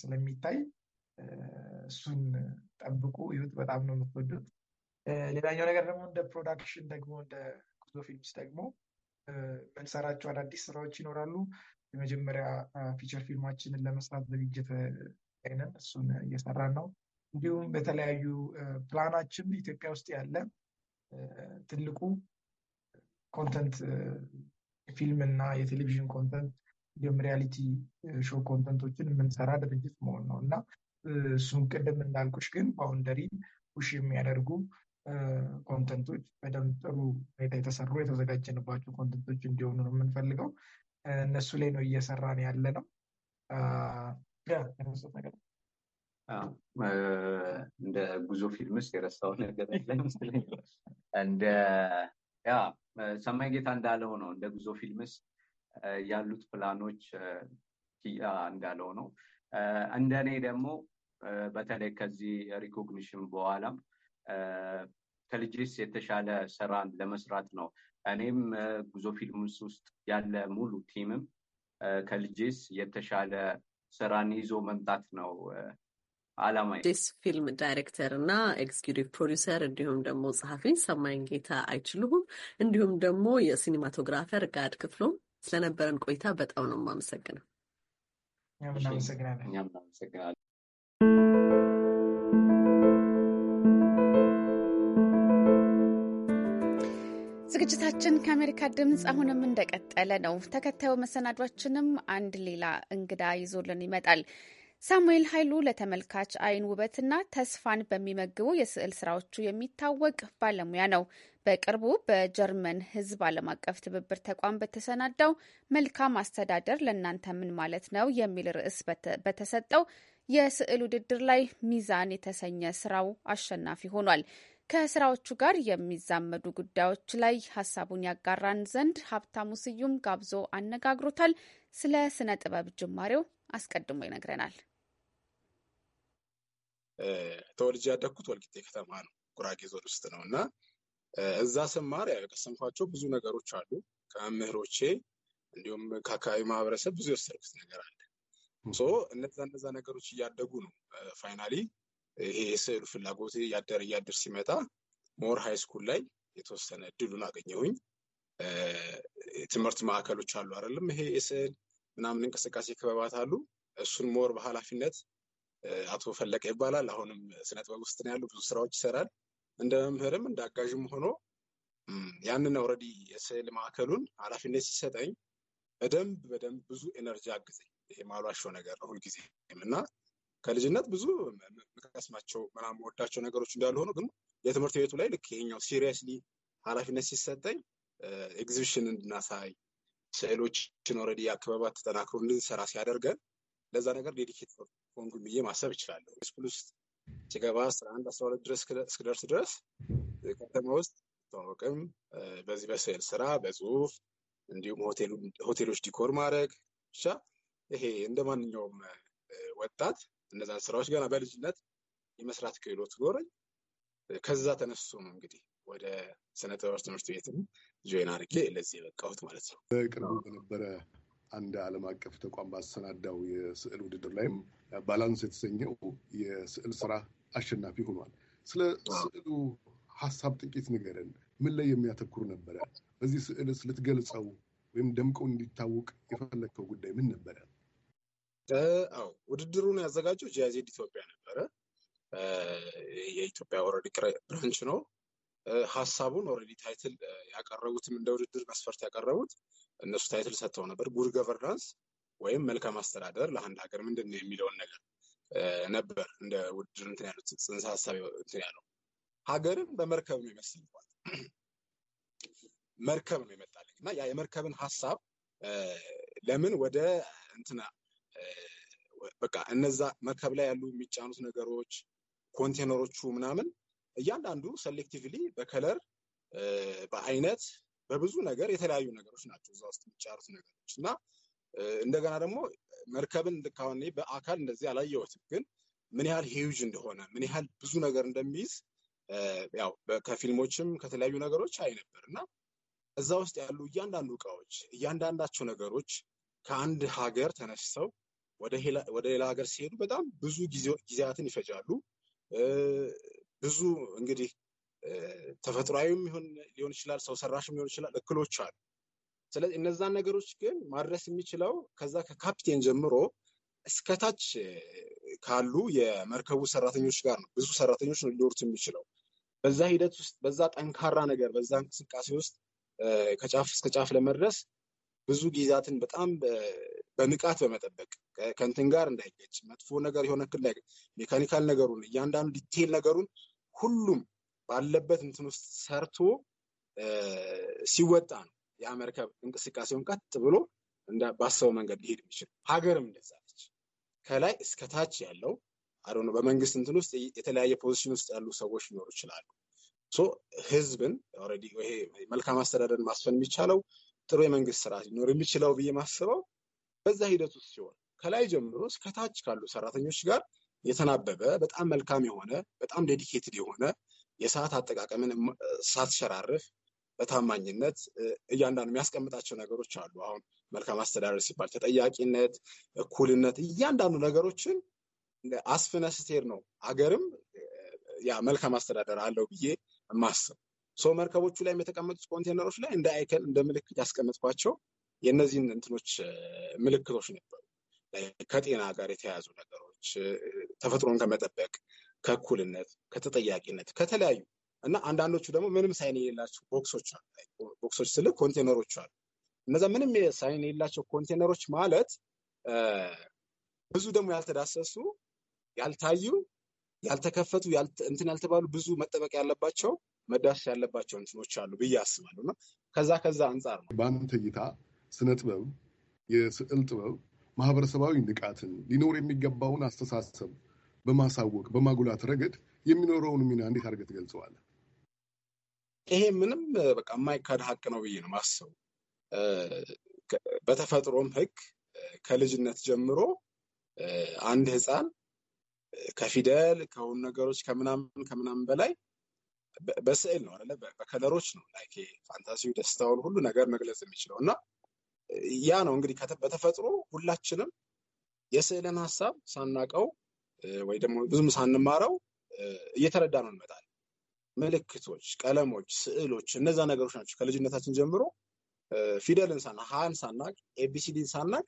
ስለሚታይ እሱን ጠብቁ ይሁት። በጣም ነው የምትወዱት። ሌላኛው ነገር ደግሞ እንደ ፕሮዳክሽን ደግሞ እንደ ጉዞ ፊልምስ ደግሞ ምንሰራቸው አዳዲስ ስራዎች ይኖራሉ። የመጀመሪያ ፊቸር ፊልማችንን ለመስራት ዝግጅት አይነን እሱን እየሰራን ነው። እንዲሁም በተለያዩ ፕላናችን ኢትዮጵያ ውስጥ ያለ ትልቁ ኮንተንት ፊልም እና የቴሌቪዥን ኮንተንት እንዲሁም ሪያሊቲ ሾው ኮንተንቶችን የምንሰራ ድርጅት መሆን ነው እና እሱም ቅድም እንዳልኩሽ ግን ባውንደሪ ውሽ የሚያደርጉ ኮንተንቶች በደንብ ጥሩ ሁኔታ የተሰሩ የተዘጋጀንባቸው ኮንተንቶች እንዲሆኑ ነው የምንፈልገው። እነሱ ላይ ነው እየሰራን ያለ ነው። እንደ ጉዞ ፊልም ውስጥ የረሳው ነገር ይመስለኝ እንደ ያ ሰማይ ጌታ እንዳለው ነው። እንደ ጉዞ ፊልምስ ያሉት ፕላኖች እንዳለው ነው። እንደ እኔ ደግሞ በተለይ ከዚህ ሪኮግኒሽን በኋላም ከልጅስ የተሻለ ስራን ለመስራት ነው እኔም ጉዞ ፊልምስ ውስጥ ያለ ሙሉ ቲምም ከልጄስ የተሻለ ስራን ይዞ መምጣት ነው አላማ ፊልም ዳይሬክተር እና ኤግዚኪቲቭ ፕሮዲሰር እንዲሁም ደግሞ ጸሐፊ ሰማይን ጌታ አይችልሁም እንዲሁም ደግሞ የሲኒማቶግራፈር ጋድ ክፍሎም ስለነበረን ቆይታ በጣም ነው የማመሰግነው። እኛም እናመሰግናለን። ዝግጅታችን ከአሜሪካ ድምፅ አሁንም እንደቀጠለ ነው። ተከታዩ መሰናዷችንም አንድ ሌላ እንግዳ ይዞልን ይመጣል። ሳሙኤል ኃይሉ ለተመልካች አይን ውበትና ተስፋን በሚመግቡ የስዕል ስራዎቹ የሚታወቅ ባለሙያ ነው። በቅርቡ በጀርመን ሕዝብ ዓለም አቀፍ ትብብር ተቋም በተሰናዳው መልካም አስተዳደር ለእናንተ ምን ማለት ነው የሚል ርዕስ በተሰጠው የስዕል ውድድር ላይ ሚዛን የተሰኘ ስራው አሸናፊ ሆኗል። ከስራዎቹ ጋር የሚዛመዱ ጉዳዮች ላይ ሀሳቡን ያጋራን ዘንድ ሀብታሙ ስዩም ጋብዞ አነጋግሮታል። ስለ ስነ ጥበብ ጅማሬው አስቀድሞ ይነግረናል። ተወልጄ ያደግኩት ወልቂጤ ከተማ ነው፣ ጉራጌ ዞን ውስጥ ነው እና እዛ ስማር ያቀሰምኳቸው ብዙ ነገሮች አሉ። ከመምህሮቼ እንዲሁም ከአካባቢ ማህበረሰብ ብዙ የወሰድኩት ነገር አለ። እነዛ እነዛ ነገሮች እያደጉ ነው ፋይናሊ ይሄ የስዕሉ ፍላጎት እያደር እያድር ሲመጣ ሞር ሀይ ስኩል ላይ የተወሰነ እድሉን አገኘሁኝ። ትምህርት ማዕከሎች አሉ አይደለም? ይሄ የስዕል ምናምን እንቅስቃሴ ክበባት አሉ። እሱን ሞር በሀላፊነት አቶ ፈለቀ ይባላል። አሁንም ስነጥበብ ውስጥ ነው ያሉ ብዙ ስራዎች ይሰራል። እንደ መምህርም እንደ አጋዥም ሆኖ ያንን ረዲ የስዕል ማዕከሉን ሀላፊነት ሲሰጠኝ በደንብ በደንብ ብዙ ኤነርጂ አግዘኝ። ይሄ ማሏሾ ነገር ነው እና ከልጅነት ብዙ የምጠቀስማቸው ምናምን የምወዳቸው ነገሮች እንዳሉ ሆኖ ግን የትምህርት ቤቱ ላይ ልክ ይሄኛው ሲሪየስሊ ኃላፊነት ሲሰጠኝ ኤግዚቢሽን እንድናሳይ ስዕሎችን ኦልሬዲ አክበባት ተጠናክሮ እንድንሰራ ሲያደርገን ለዛ ነገር ዴዲኬት ሆንኩኝ ብዬ ማሰብ እችላለሁ። ስኩል ውስጥ ሲገባ አስራ አንድ አስራ ሁለት ድረስ እስክደርስ ድረስ ከተማ ውስጥ ተዋወቅም በዚህ በስዕል ስራ፣ በጽሁፍ እንዲሁም ሆቴሎች ዲኮር ማድረግ ብቻ ይሄ እንደ ማንኛውም ወጣት እነዛን ስራዎች ገና በልጅነት የመስራት ክህሎት ኖረኝ። ከዛ ተነሱ ነው እንግዲህ ወደ ስነ ጥበብ ትምህርት ቤት ጆይን አድርጌ ለዚህ የበቃሁት ማለት ነው። በቅርቡ በነበረ አንድ ዓለም አቀፍ ተቋም ባሰናዳው የስዕል ውድድር ላይም ባላንስ የተሰኘው የስዕል ስራ አሸናፊ ሆኗል። ስለ ስዕሉ ሀሳብ ጥቂት ንገረን። ምን ላይ የሚያተኩር ነበረ? በዚህ ስዕልስ ልትገልጸው ወይም ደምቀው እንዲታወቅ የፈለግከው ጉዳይ ምን ነበረ? አዎ ውድድሩን ያዘጋጀው ጂያዜድ ኢትዮጵያ ነበረ። የኢትዮጵያ ኦልሬዲ ብራንች ነው። ሀሳቡን ኦልሬዲ ታይትል ያቀረቡትም እንደ ውድድር መስፈርት ያቀረቡት እነሱ ታይትል ሰጥተው ነበር። ጉድ ገቨርናንስ ወይም መልካም አስተዳደር ለአንድ ሀገር ምንድን የሚለውን ነገር ነበር እንደ ውድድር እንትን ያሉት ጽንሰ ሀሳብ እንትን ያለው ሀገርን በመርከብ ነው የመሰልኳት መርከብ ነው የመጣልኝ እና ያ የመርከብን ሀሳብ ለምን ወደ እንትና በቃ እነዛ መርከብ ላይ ያሉ የሚጫኑት ነገሮች ኮንቴነሮቹ ምናምን እያንዳንዱ ሰሌክቲቭሊ በከለር በአይነት በብዙ ነገር የተለያዩ ነገሮች ናቸው እዛ ውስጥ የሚጫሩት ነገሮች እና እንደገና ደግሞ መርከብን ልክ በአካል እንደዚህ አላየሁትም፣ ግን ምን ያህል ሂዩጅ እንደሆነ ምን ያህል ብዙ ነገር እንደሚይዝ ያው ከፊልሞችም ከተለያዩ ነገሮች አይ ነበር እና እዛ ውስጥ ያሉ እያንዳንዱ እቃዎች እያንዳንዳቸው ነገሮች ከአንድ ሀገር ተነስተው ወደ ሌላ ሀገር ሲሄዱ በጣም ብዙ ጊዜያትን ይፈጃሉ። ብዙ እንግዲህ ተፈጥሯዊም ሊሆን ይችላል፣ ሰው ሰራሽም ሊሆን ይችላል፣ እክሎች አሉ። ስለዚህ እነዛን ነገሮች ግን ማድረስ የሚችለው ከዛ ከካፕቴን ጀምሮ እስከታች ካሉ የመርከቡ ሰራተኞች ጋር ነው። ብዙ ሰራተኞች ነው ሊኖሩት የሚችለው። በዛ ሂደት ውስጥ በዛ ጠንካራ ነገር በዛ እንቅስቃሴ ውስጥ ከጫፍ እስከ ጫፍ ለመድረስ ብዙ ጊዜያትን በጣም በንቃት በመጠበቅ ከንትን ጋር እንዳይገጭ መጥፎ ነገር የሆነ ክል ላይ ሜካኒካል ነገሩን እያንዳንዱ ዲቴል ነገሩን ሁሉም ባለበት እንትን ውስጥ ሰርቶ ሲወጣ ነው ያ መርከብ እንቅስቃሴውን ቀጥ ብሎ ባሰበው መንገድ ሊሄድ የሚችል። ሀገርም እንደዛለች ከላይ እስከታች ያለው አሮ በመንግስት እንትን ውስጥ የተለያየ ፖዚሽን ውስጥ ያሉ ሰዎች ሊኖሩ ይችላሉ። ህዝብን ኦልሬዲ ይሄ መልካም አስተዳደርን ማስፈን የሚቻለው ጥሩ የመንግስት ስርዓት ሊኖር የሚችለው ብዬ ማስበው በዛ ሂደት ውስጥ ሲሆን ከላይ ጀምሮ እስከታች ካሉ ሰራተኞች ጋር የተናበበ በጣም መልካም የሆነ በጣም ዴዲኬትድ የሆነ የሰዓት አጠቃቀምን ሳትሸራርፍ በታማኝነት እያንዳንዱ የሚያስቀምጣቸው ነገሮች አሉ። አሁን መልካም አስተዳደር ሲባል ተጠያቂነት፣ እኩልነት፣ እያንዳንዱ ነገሮችን አስፍነ ስቴር ነው አገርም ያ መልካም አስተዳደር አለው ብዬ የማስብ ሰው መርከቦቹ ላይም የተቀመጡት ኮንቴነሮች ላይ እንደ አይከን እንደ ምልክት ያስቀምጥኳቸው የእነዚህን እንትኖች ምልክቶች ነበሩ። ከጤና ጋር የተያያዙ ነገሮች፣ ተፈጥሮን ከመጠበቅ፣ ከእኩልነት፣ ከተጠያቂነት ከተለያዩ እና አንዳንዶቹ ደግሞ ምንም ሳይን የሌላቸው ቦክሶች አሉ። ቦክሶች ስል ኮንቴነሮች አሉ። እነዛ ምንም ሳይን የሌላቸው ኮንቴነሮች ማለት ብዙ ደግሞ ያልተዳሰሱ ያልታዩ ያልተከፈቱ እንትን ያልተባሉ ብዙ መጠበቅ ያለባቸው መዳሰስ ያለባቸው እንትኖች አሉ ብዬ አስባለሁ እና ከዛ ከዛ አንጻር ነው በአንተ እይታ ስነ ጥበብ፣ የስዕል ጥበብ ማህበረሰባዊ ንቃትን ሊኖር የሚገባውን አስተሳሰብ በማሳወቅ በማጉላት ረገድ የሚኖረውን ሚና እንዴት አድርገህ ትገልጸዋለህ? ይሄ ምንም በቃ የማይካድ ሀቅ ነው ብዬ ነው ማሰቡ። በተፈጥሮም ህግ ከልጅነት ጀምሮ አንድ ህፃን ከፊደል ከሆኑ ነገሮች ከምናምን ከምናምን በላይ በስዕል ነው አለ በከለሮች ነው ላይ ፋንታሲው ደስታውን ሁሉ ነገር መግለጽ የሚችለው እና ያ ነው እንግዲህ በተፈጥሮ ሁላችንም የስዕልን ሀሳብ ሳናቀው ወይ ደግሞ ብዙም ሳንማረው እየተረዳ ነው እንመጣል ምልክቶች፣ ቀለሞች፣ ስዕሎች እነዛ ነገሮች ናቸው ከልጅነታችን ጀምሮ ፊደልን ሳና ሀን ሳናቅ ኤቢሲዲን ሳናቅ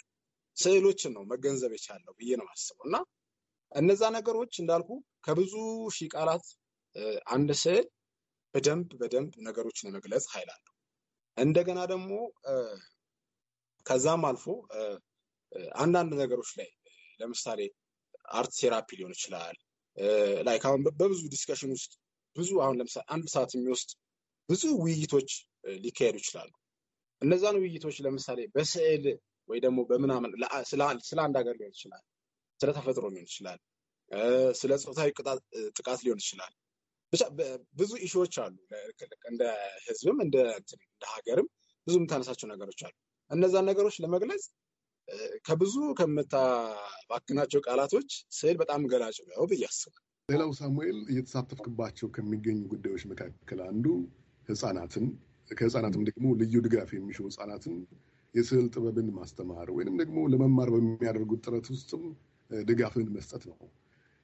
ስዕሎችን ነው መገንዘብ የቻለው ብዬ ነው አስበው እና እነዛ ነገሮች እንዳልኩ ከብዙ ሺህ ቃላት አንድ ስዕል በደንብ በደንብ ነገሮችን የመግለጽ ኃይል አለው። እንደገና ደግሞ ከዛም አልፎ አንዳንድ ነገሮች ላይ ለምሳሌ አርት ቴራፒ ሊሆን ይችላል። ላይ አሁን በብዙ ዲስከሽን ውስጥ ብዙ አሁን ለምሳሌ አንድ ሰዓት የሚወስድ ብዙ ውይይቶች ሊካሄዱ ይችላሉ። እነዛን ውይይቶች ለምሳሌ በስዕል ወይ ደግሞ በምናምን ስለ አንድ ሀገር ሊሆን ይችላል፣ ስለ ተፈጥሮ ሊሆን ይችላል፣ ስለ ፆታዊ ጥቃት ሊሆን ይችላል። ብቻ ብዙ ኢሽዎች አሉ። እንደ ህዝብም እንደ ሀገርም ብዙ የምታነሳቸው ነገሮች አሉ። እነዛን ነገሮች ለመግለጽ ከብዙ ከምታባክናቸው ቃላቶች ስዕል በጣም ገላጭ ነው ብዬ አስባለሁ። ሌላው ሳሙኤል እየተሳተፍክባቸው ከሚገኙ ጉዳዮች መካከል አንዱ ህጻናትን ከህጻናትም ደግሞ ልዩ ድጋፍ የሚሹ ህጻናትን የስዕል ጥበብን ማስተማር ወይንም ደግሞ ለመማር በሚያደርጉት ጥረት ውስጥም ድጋፍን መስጠት ነው።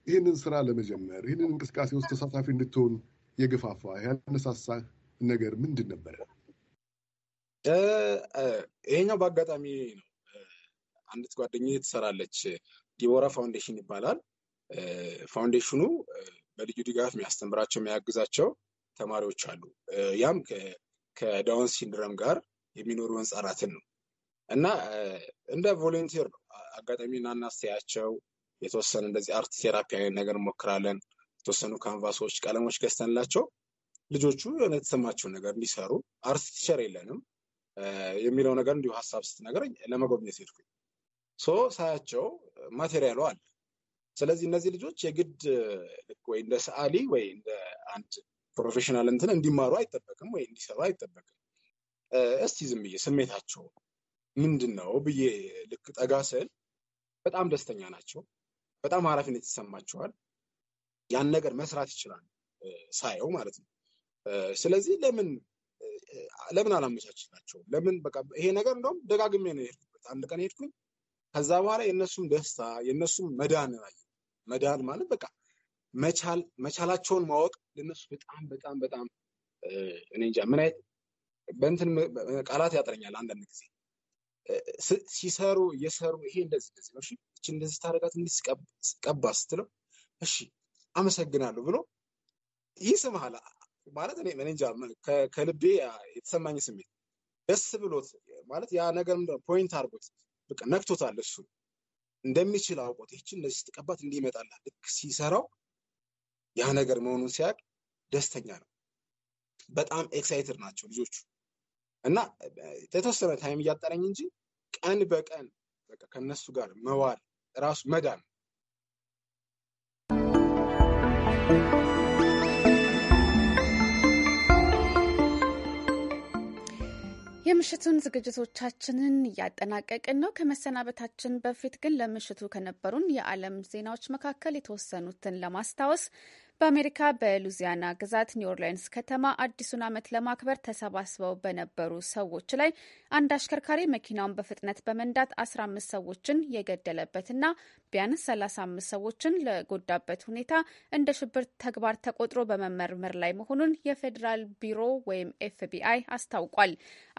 ይህንን ስራ ለመጀመር ይህንን እንቅስቃሴ ውስጥ ተሳታፊ እንድትሆን የገፋፋ ያነሳሳህ ነገር ምንድን ነበረ? ይሄኛው በአጋጣሚ ነው። አንዲት ጓደኛዬ ትሰራለች። ዲቦራ ፋውንዴሽን ይባላል። ፋውንዴሽኑ በልዩ ድጋፍ የሚያስተምራቸው የሚያግዛቸው ተማሪዎች አሉ። ያም ከዳውን ሲንድረም ጋር የሚኖሩ ህጻናትን ነው እና እንደ ቮለንቲር ነው አጋጣሚ እናናስተያቸው የተወሰነ እንደዚህ አርት ቴራፒ አይነት ነገር እንሞክራለን። የተወሰኑ ካንቫሶች፣ ቀለሞች ገዝተንላቸው ልጆቹ የሆነ የተሰማቸውን ነገር እንዲሰሩ አርት ቲቸር የለንም የሚለው ነገር እንዲሁ ሀሳብ ስትነግረኝ ለመጎብኘት ሄድኩኝ። ሶ ሳያቸው ማቴሪያሉ አለ። ስለዚህ እነዚህ ልጆች የግድ ወይ እንደ ሰዓሊ ወይ እንደ አንድ ፕሮፌሽናል እንትን እንዲማሩ አይጠበቅም ወይ እንዲሰሩ አይጠበቅም። እስቲ ዝም ብዬ ስሜታቸው ምንድን ነው ብዬ ልክ ጠጋ ስል በጣም ደስተኛ ናቸው። በጣም ኃላፊነት ይሰማቸዋል። ያን ነገር መስራት ይችላል ሳየው ማለት ነው። ስለዚህ ለምን ለምን አላመቻችላቸውም? ለምን በቃ ይሄ ነገር እንደውም ደጋግሜ ነው የሄድኩበት። አንድ ቀን ሄድኩኝ። ከዛ በኋላ የእነሱም ደስታ የእነሱም መዳን መዳን ማለት በቃ መቻል መቻላቸውን ማወቅ ለእነሱ በጣም በጣም በጣም እኔ እንጃ ምን አይነት በእንትን ቃላት ያጥረኛል። አንዳንድ ጊዜ ሲሰሩ እየሰሩ ይሄ እንደዚህ እንደዚህ ነው፣ እሺ እንደዚህ ታደርጋት እንዲህ ቀባ ስትለው እሺ አመሰግናለሁ ብሎ ይስምሃል። ማለት እኔ እንጃ ከልቤ የተሰማኝ ስሜት ደስ ብሎት ማለት ያ ነገር ፖይንት አርጎት በቃ ነክቶታል። እሱ እንደሚችል አውቆት ይች እነዚህ ስትቀባት እንዲመጣላ ልክ ሲሰራው ያ ነገር መሆኑን ሲያቅ ደስተኛ ነው። በጣም ኤክሳይትድ ናቸው ልጆቹ እና የተወሰነ ታይም እያጠረኝ እንጂ ቀን በቀን ከነሱ ጋር መዋል ራሱ መዳን የምሽቱን ዝግጅቶቻችንን እያጠናቀቅን ነው። ከመሰናበታችን በፊት ግን ለምሽቱ ከነበሩን የዓለም ዜናዎች መካከል የተወሰኑትን ለማስታወስ በአሜሪካ በሉዚያና ግዛት ኒው ኦርሊንስ ከተማ አዲሱን ዓመት ለማክበር ተሰባስበው በነበሩ ሰዎች ላይ አንድ አሽከርካሪ መኪናውን በፍጥነት በመንዳት 15 ሰዎችን የገደለበትና ቢያንስ 35 ሰዎችን ለጎዳበት ሁኔታ እንደ ሽብር ተግባር ተቆጥሮ በመመርመር ላይ መሆኑን የፌዴራል ቢሮ ወይም ኤፍቢአይ አስታውቋል።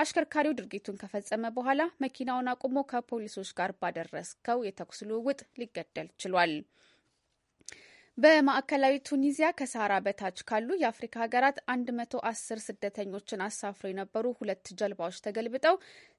አሽከርካሪው ድርጊቱን ከፈጸመ በኋላ መኪናውን አቁሞ ከፖሊሶች ጋር ባደረስከው የተኩስ ልውውጥ ሊገደል ችሏል። በማዕከላዊ ቱኒዚያ ከሳራ በታች ካሉ የአፍሪካ ሀገራት 110 ስደተኞችን አሳፍሮ የነበሩ ሁለት ጀልባዎች ተገልብጠው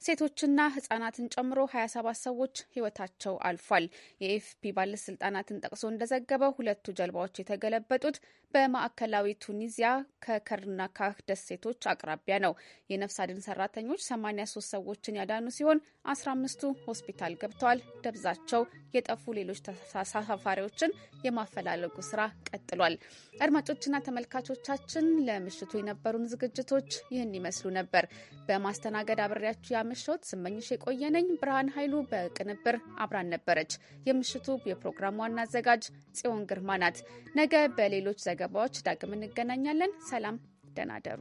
ሴቶችና ህጻናትን ጨምሮ 27 ሰዎች ህይወታቸው አልፏል። የኤፍፒ ባለስልጣናትን ጠቅሶ እንደዘገበው ሁለቱ ጀልባዎች የተገለበጡት በማዕከላዊ ቱኒዚያ ከከርናካህ ደሴቶች አቅራቢያ ነው። የነፍስ አድን ሰራተኞች 83 ሰዎችን ያዳኑ ሲሆን 15ቱ ሆስፒታል ገብተዋል። ደብዛቸው የጠፉ ሌሎች ተሳፋሪዎችን የማፈላለጉ ስራ ቀጥሏል። አድማጮችና ተመልካቾቻችን ለምሽቱ የነበሩን ዝግጅቶች ይህን ይመስሉ ነበር። በማስተናገድ አብሬያችሁ ያመሸሁት ስመኝሽ የቆየነኝ። ብርሃን ኃይሉ በቅንብር አብራን ነበረች። የምሽቱ የፕሮግራም ዋና አዘጋጅ ጽዮን ግርማ ናት። ነገ በሌሎች ዘገ ዘገባዎች ዳግም እንገናኛለን። ሰላም፣ ደህና ደሩ።